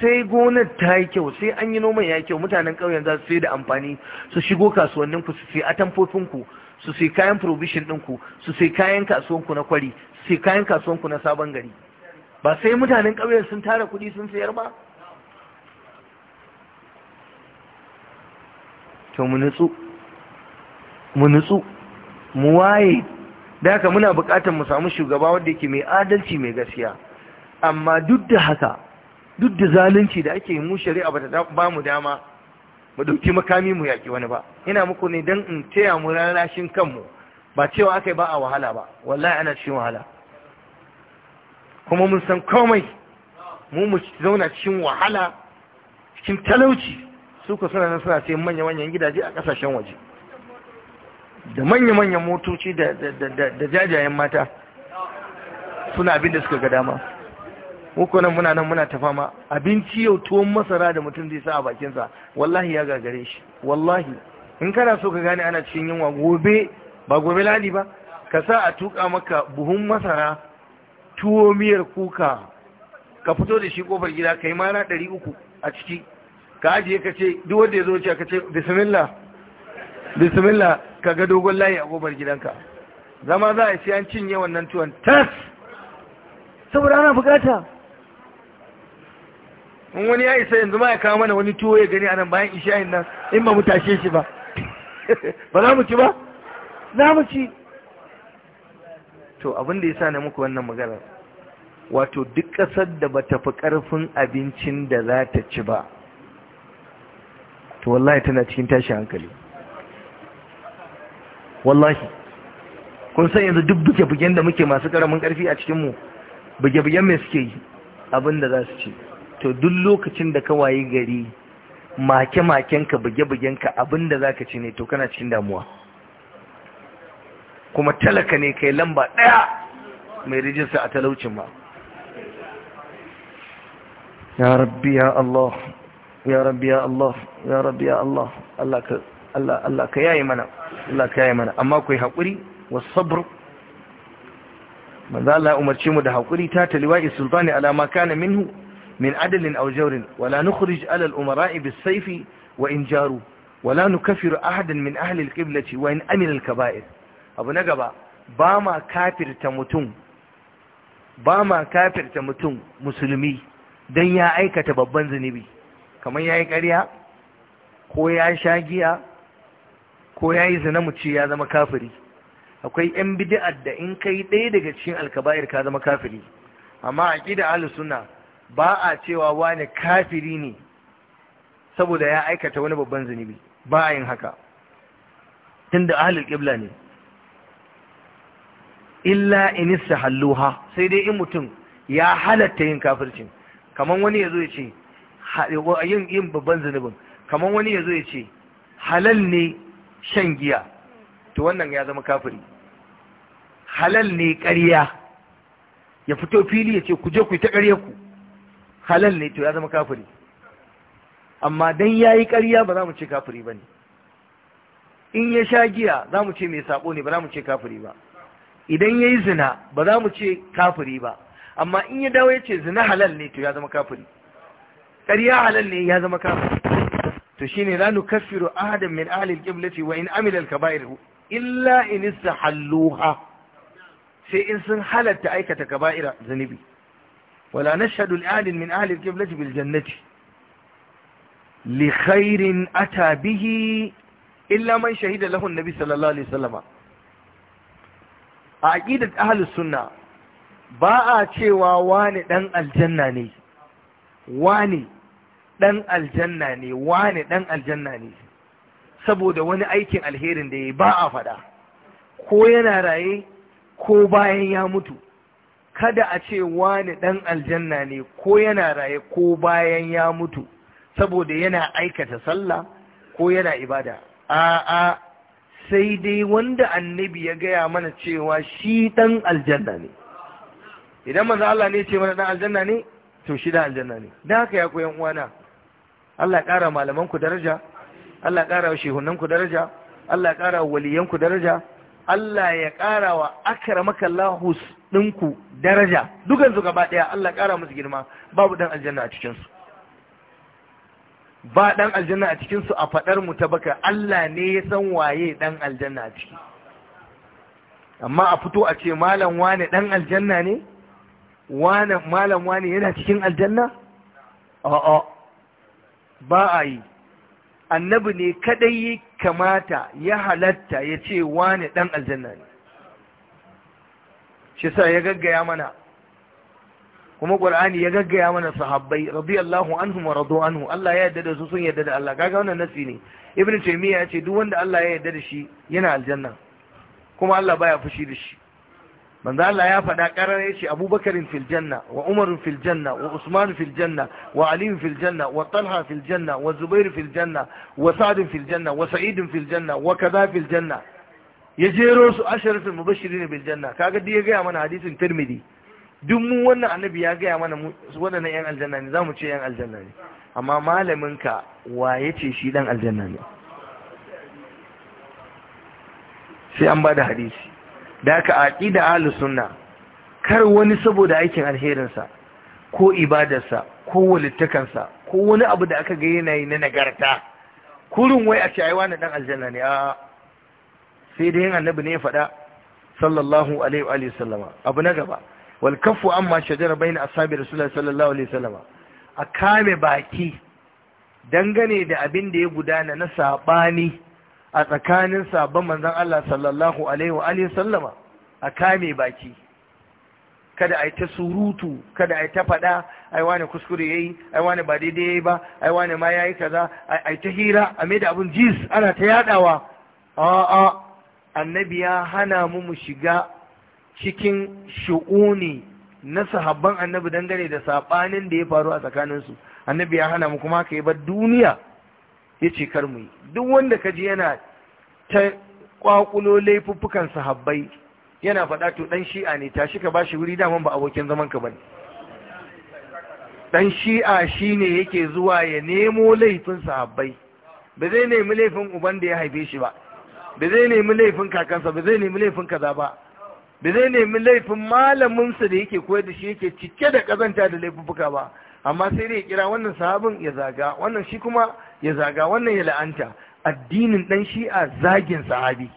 sai gonar ta yi kyau sai an yi noman ya kyau mutanen ƙauyen za su sai da amfani su shigo kasuwannin ku su sai atamfofin ku su sai kayan provision din ku su sai kayan kasuwan ku na kwari su sai kayan kasuwan ku na sabon gari ba sai mutanen ƙauyen sun tara kuɗi sun sayar ba to mu nutsu mu nutsu mu waye da haka muna buƙatar mu samu shugaba wanda yake mai adalci mai gaskiya amma duk da haka duk da zalunci da ake mu shari'a bata ba mu dama mu dauki makami mu yaki wani ba ina muku ne dan in taya mu rarashin kanmu ba cewa akai ba a wahala ba wallahi ana cikin wahala kuma mun san komai mu mu zauna cikin wahala cikin talauci su ko suna nan suna sai manya-manyan gidaje a kasashen waje da manya-manyan motoci da jajayen mata suna abin da suka ga dama muku nan muna nan muna tafa ma abinci yau tuwon masara da mutum zai sa a bakinsa wallahi ya gagare shi wallahi in kana so ka gane ana cikin yunwa gobe ba gobe ladi ba ka sa a tuka maka buhun masara tuwo miyar kuka ka fito da shi kofar gida ka yi mana ɗari uku a ciki ka ajiye ka ce duk wanda ya zo ce ka ce bismillah bismillah ka ga dogon layi a gobar gidanka zama za a yi siyan cinye wannan tuwon tas saboda ana bukata in wani ya isa yanzu ma ya kawo mana wani tuwo ya gani a nan, bayan isha'in nan in ba mu tashe shi ba ba za mu ci ba za mu ci to abin da ya sa na muku wannan maganar wato duk ƙasar da ba ta fi ƙarfin abincin da za ta ci ba to wallahi tana cikin tashi hankali wallahi kun san yanzu duk buke bugen da muke masu karamin karfi a cikinmu buge-bugen mai suke yi abin da za su ce to duk lokacin da ka gari make ka buge bugen abin da za ka ci ne to kana cikin damuwa kuma talaka ne kai lamba ɗaya mai rijista a talaucin ma ya rabbi ya Allah ya rabbi ya Allah ya rabbi ya Allah Allah ka Allah ka yaye mana Allah ka mana amma ku yi hakuri was sabr manzo Allah umarci mu da hakuri ta taliwa'i sultani ala ma kana minhu min adalin aw jawrin wala nukhrij ala al umara'i bis sayfi wa in jaru wala nukaffiru ahadan min ahli al qiblati wa in amila al kaba'ir abu na gaba ba ma kafirta mutum ba ma kafirta mutum musulmi don ya aikata babban zunubi kamar ya yi ƙarya ko ya sha giya ko ya yi zina mu ya zama kafiri akwai yan bid'ar da in kai ɗaya daga cikin alkaba'ir ka zama kafiri amma a ƙida ahlus sunna ba a cewa wani kafiri ne saboda ya aikata wani babban zunubi ba a yin haka tunda ahlul qibla ne illa in halluha sai dai in mutum ya halatta yin kafircin kaman wani yazo ya ce yin babban zunubin kamar wani yazo ya ce halal ne shan giya to wannan ya zama kafiri halal ne ƙarya ya fito fili ya ce ku je ku yi ta ƙarya ku halal ne to ya zama kafiri amma dan ya yi ƙarya ba za mu ce kafiri ba ne in ya sha giya za mu ce mai saɓo ne ba za mu ce kafiri ba idan ya yi zina ba za mu ce kafiri ba amma in ya dawo ya ce zina halal ne to ya zama kafiri ƙarya halal ne ya zama kafiri to shine la nukaffiru Adam min ahli al-qiblati wa in amila al-kaba'ir illa in istahalluha sai in sun halatta aikata kaba'ira zanibi wala nashhadu li min ahli al-qiblati bil jannati li khairin ata bihi illa man shahida lahu an-nabi sallallahu alaihi wasallam a aqidat ahli sunna ba a cewa wani dan aljanna ne wani ɗan aljanna ne wane ɗan aljanna ne saboda wani aikin alherin da ya ba a faɗa ko yana raye ko bayan ya mutu kada a ce wane ɗan aljanna ne ko yana raye ko bayan ya mutu saboda yana aikata sallah ko yana ibada a'a sai dai wanda annabi ya gaya mana cewa shi ɗan aljanna ne idan maza Allah ne ce mana ɗan aljanna ne to shi ɗan aljanna ne da haka ya koyan uwana Allah ƙara malaman ku daraja Allah ƙara wa shehunan ku daraja Allah ƙara wa waliyan ku daraja Allah ya ƙara wa maka lahus ɗinku daraja dukan su gaba ɗaya Allah ƙara musu girma babu ɗan aljanna a cikinsu. ba ɗan aljanna a cikinsu a faɗar mu ta baka Allah ne ya san waye ɗan aljanna a ciki amma a fito a ce malam wane ɗan aljanna ne wane malam wane yana cikin aljanna a'a ba a yi annabi ne kadai kamata ya halatta ya ce wane dan aljanna ne shi sa ya gaggaya mana kuma ƙwar'ani ya gaggaya mana sahabbai radiyallahu anhu wa radu anhu Allah ya yarda da su sun yarda da Allah kaga wannan nasi ne Ibn taymiya ya ce duk wanda Allah ya yarda da shi yana aljanna kuma Allah baya fushi da shi manzo Allah ya faɗa ƙarar ya ce abubakarin fil janna wa Umar fil janna wa usman fil janna wa aliyu fil janna wa talha fil janna wa zubairu fil janna wa sa'adun fil janna wa sa'idun fil janna wa kaza fil janna ya jero su asharatul mubashirin bil janna kaga dai ya gaya mana hadisin tirmidhi duk mu wannan annabi ya gaya mana waɗannan yan aljanna ne zamu ce yan aljanna ne amma malamin ka wa yace shi dan aljanna ne sai an bada hadisi da aka da ahlus sunna kar wani saboda aikin alherinsa ko ibadarsa ko walittakansa ko wani abu da aka ga yanayi na nagarta kurin wai a ce ai wani dan aljanna ne a sai dai annabi ne ya faɗa sallallahu alaihi wa sallama abu na gaba wal kaffu amma shajara baina ashabi rasulullahi sallallahu alaihi sallama a kame baki dangane da abin da ya gudana na saɓani. a tsakanin sabon manzan Allah sallallahu alaihi wa Alaihi sallama a kame baki kada a yi ta surutu kada a yi ta fada ai wani kuskure ya yayi ai wani ba daidai ya yi ba ai wani ma ya yi kaza ai ta hira a mai da abun jis ana ta yadawa a'a annabi ya hana mu mu shiga cikin shu'uni na sahabban annabi dangane da saɓanin da ya faru a tsakaninsu annabi ya hana mu kuma ka yi bar duniya ya ce kar mu yi duk wanda kaji yana ta ƙwaƙulo laifukan sahabbai yana faɗa to ɗan shi'a ne tashi ka ba shi wuri daman ba abokin zaman ka bane ɗan shi'a shi ne yake zuwa ya nemo laifin sahabbai ba zai nemi laifin uban da ya haife shi ba ba zai nemi laifin kakansa ba zai nemi laifin kaza ba ba zai nemi laifin malaminsa da yake koyar da shi yake cike da kazanta da laifuka ba amma sai dai ya kira wannan sahabin ya zaga wannan shi kuma ya zaga wannan ya la'anta addinin ɗan shi'a zagin sahabi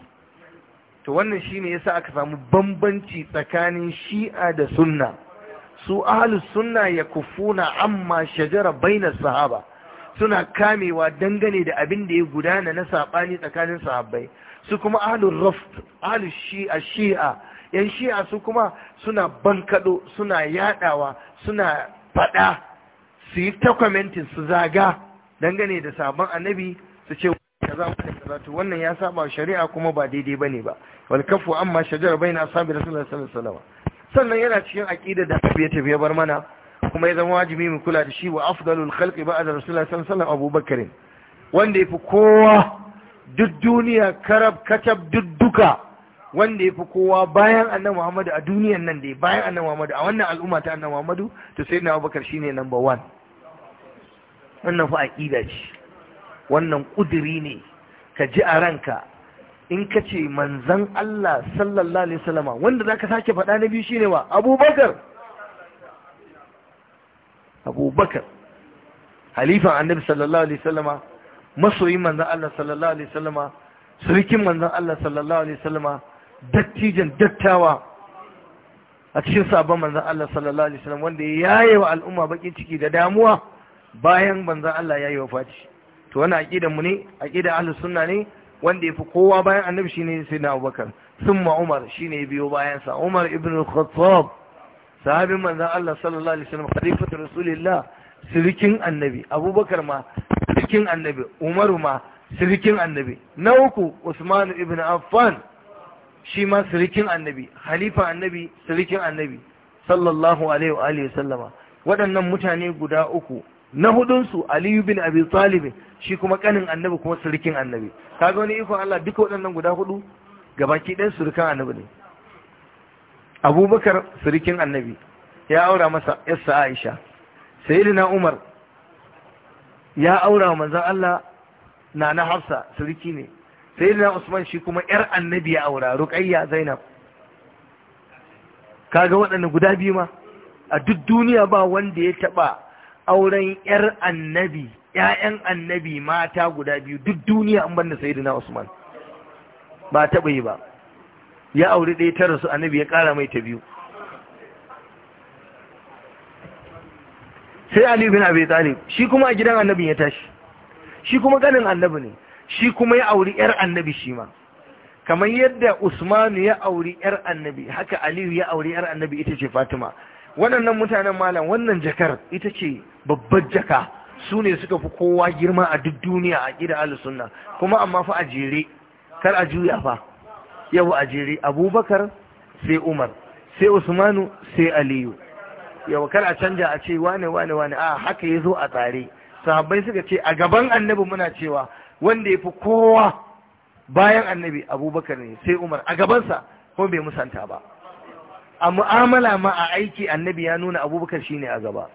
to wannan shine yasa aka samu bambanci tsakanin shi'a da sunna su ahlus sunna ya kufuna amma shajara baina sahaba suna kamewa dangane da abin da ya gudana na sabani tsakanin sahabbai su kuma ahlur raft ahlus shi'a shi'a yan shi'a su kuma suna bankado suna yadawa suna fada su yi ta su zaga dangane da sabon annabi su ce kaza wanda kaza to wannan ya saba shari'a kuma ba daidai bane ba wal kafu amma shajar baina ashabi rasulullahi sallallahu alaihi wasallam sannan yana cikin aqida da ya tafi ya bar mana kuma ya zama wajibi mu kula da shi wa afdalul khalqi ba'da rasulullahi sallallahu alaihi wasallam abubakar wanda yafi kowa duk duniya karab katab dudduka wanda ya fi kowa bayan annan Muhammadu a duniyar nan dai bayan annan Muhammadu a wannan al'umma ta annan Muhammadu to sai na Abubakar shine number one wannan fa aƙida ce wannan ƙudiri ne ka ji a ranka in ka ce Manzon Allah sallallahu alaihi wasallama wanda za ka sake faɗa na biyu shine wa abubakar abubakar halifan annabi sallallahu alaihi wasallama masoyin Manzon Allah sallallahu alaihi wasallama surikin Manzon Allah sallallahu alaihi wasallama dattijan dattawa a cikin sabon Manzon Allah sallallahu alaihi wasallam wanda ya yaye wa al'umma bakin ciki da damuwa bayan banza Allah ya yayi wafati to wannan aqidan mu ne aqida ahlus sunna ne wanda ya fi kowa bayan annabi shine sayyidina Abubakar thumma Umar ne biyo bayansa. Umar ibn al-Khattab sahabin manzon Allah sallallahu alaihi wasallam khalifatu rasulillah sirikin annabi Abubakar ma sirikin annabi Umar ma sirikin annabi na uku Usman ibn Affan shi ma sirikin annabi halifa annabi sirikin annabi sallallahu alaihi wa alihi sallama waɗannan mutane guda uku na hudunsu aliyu bin abi talib shi kuma kanin annabi kuma surikin annabi kaga wani ikon Allah duka waɗannan guda hudu gabaki ɗaya surukan annabi ne abubakar surikin annabi ya aura masa yassa aisha sayyidina umar ya aura wa manzon Allah na na hafsa suriki ne sayyidina usman shi kuma yar annabi ya aura ruqayya zainab kaga waɗanda guda biyu ma a duk duniya ba wanda ya taba auren ‘yar annabi, ‘ya'yan annabi mata guda biyu duk duniya an banda na Usman, ba taɓa yi ba, ya auri ɗaya tara su annabi ya ƙara mai ta biyu. Sai Ali bin Abi Talib, shi kuma a gidan annabin ya tashi, shi kuma ganin annabi ne, shi kuma ya auri ‘yar annabi shi ma. Kamar yadda Usmanu ya auri ‘yar annabi, haka Aliyu ya auri ‘yar annabi ita ce Fatima. waɗannan mutanen malam wannan jakar ita ce babbar jaka su ne suka fi kowa girma a duk duniya a ƙida alisunna kuma amma fa a jere kar a juya fa yau a jere abubakar sai umar sai usmanu sai aliyu yau kar a canja a ce wane wane wane a haka ya zo a tsare sahabbai suka ce a gaban annabi muna cewa wanda ya fi kowa bayan annabi abubakar ne sai umar a gabansa kuma bai musanta ba a mu'amala ma a aiki annabi ya nuna abubakar shine a gaba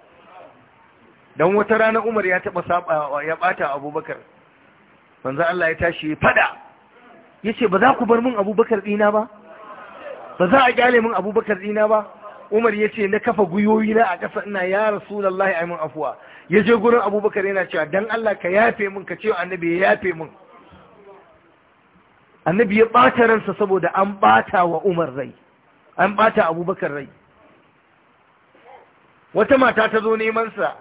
don wata rana umar ya taɓa ya ɓata abubakar manzo Allah ya tashi fada ya ce ba za ku bar min abubakar dina ba ba za a gyale min abubakar dina ba umar ya ce na kafa guyoyi na a ƙasa ina ya rasulallah ya min afuwa ya je gurin abubakar yana cewa don Allah ka yafe min ka ce annabi ya yafe min annabi ya ɓata ransa saboda an ɓata wa umar rai an bata abubakar rai wata mata ta zo sa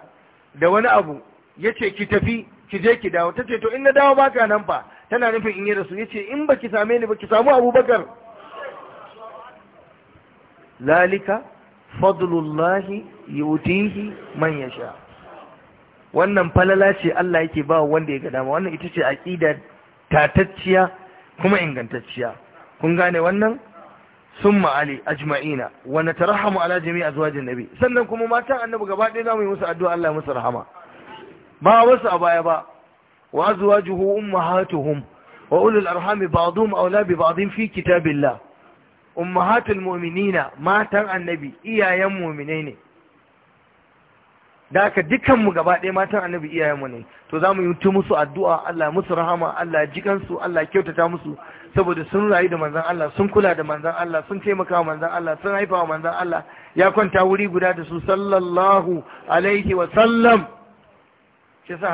da wani abu ya ce ki tafi ki je ki dawo ta ce to in na dawo baka nan fa tana nufin in yi rasu ya ce in ba ki same ni ba ki samu abubakar lalika fadlullahi yutihi man yasha wannan falala ce Allah yake ba wanda ya ga dama wannan ita ce aqida tatacciya kuma ingantacciya kun gane wannan ثم علي أجمعين ونترحم على جميع أزواج النبي سننكم ما تان النبي قبات لنا من يوسع الدعاء الله مصر رحمه ما وسع بايا با وأزواجه أمهاتهم وأولو الأرحام بعضهم أولى ببعض في كتاب الله أمهات المؤمنين ما تان النبي إيا يم مؤمنين da haka dukanmu gaba ɗaya matan annabi iyayenmu ne to za mu yi ta musu addu'a Allah musu rahama Allah jikansu Allah kyautata musu saboda sun rayu da manzan Allah sun kula da manzan Allah sun taimaka wa manzan Allah sun haifa wa manzan Allah ya kwanta wuri guda da su sallallahu alaihi wa sallam shi sa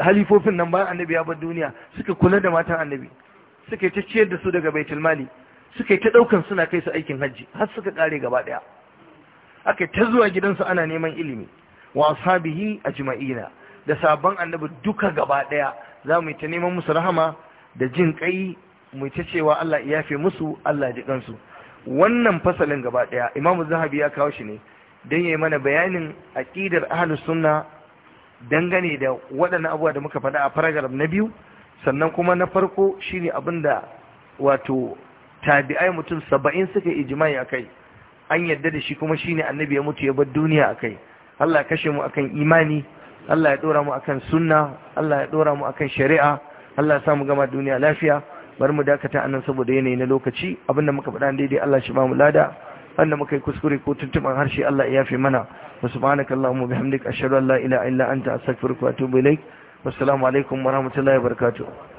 halifofin nan bayan annabi ya bar duniya suka kula da matan annabi suka ta ciyar da su daga baitul mali suka ta ɗaukan suna kai su aikin hajji har suka kare gaba ɗaya aka ta zuwa gidansu ana neman ilimi wa jima'i ajma'ina da sabon annabi duka gaba daya za mu yi ta neman musu rahama da jin kai mu ta cewa Allah ya yafe musu Allah ya ji kansu wannan fasalin gaba daya imamu zahabi ya kawo shi ne dan yayi mana bayanin aqidar ahlus sunna dangane da waɗannan abubuwa da muka faɗa a paragraph na biyu sannan kuma na farko shine abinda wato tabi'ai mutum saba'in suka yi ijma'i akai an yadda da shi kuma shine annabi ya mutu ya bar duniya akai Allah ya kashe mu akan imani Allah ya dora mu akan sunna Allah ya dora mu akan shari'a Allah ya sa mu gama duniya lafiya bar mu dakata anan saboda yanayi na lokaci abinda muka faɗa daidai Allah shi ba mu lada wanda muka yi kuskure ko tuntuban harshe Allah ya yafe mana wa subhanakallahumma bihamdika ashhadu an la ilaha illa anta astaghfiruka wa atubu ilaik wassalamu alaikum wa rahmatullahi wa barakatuh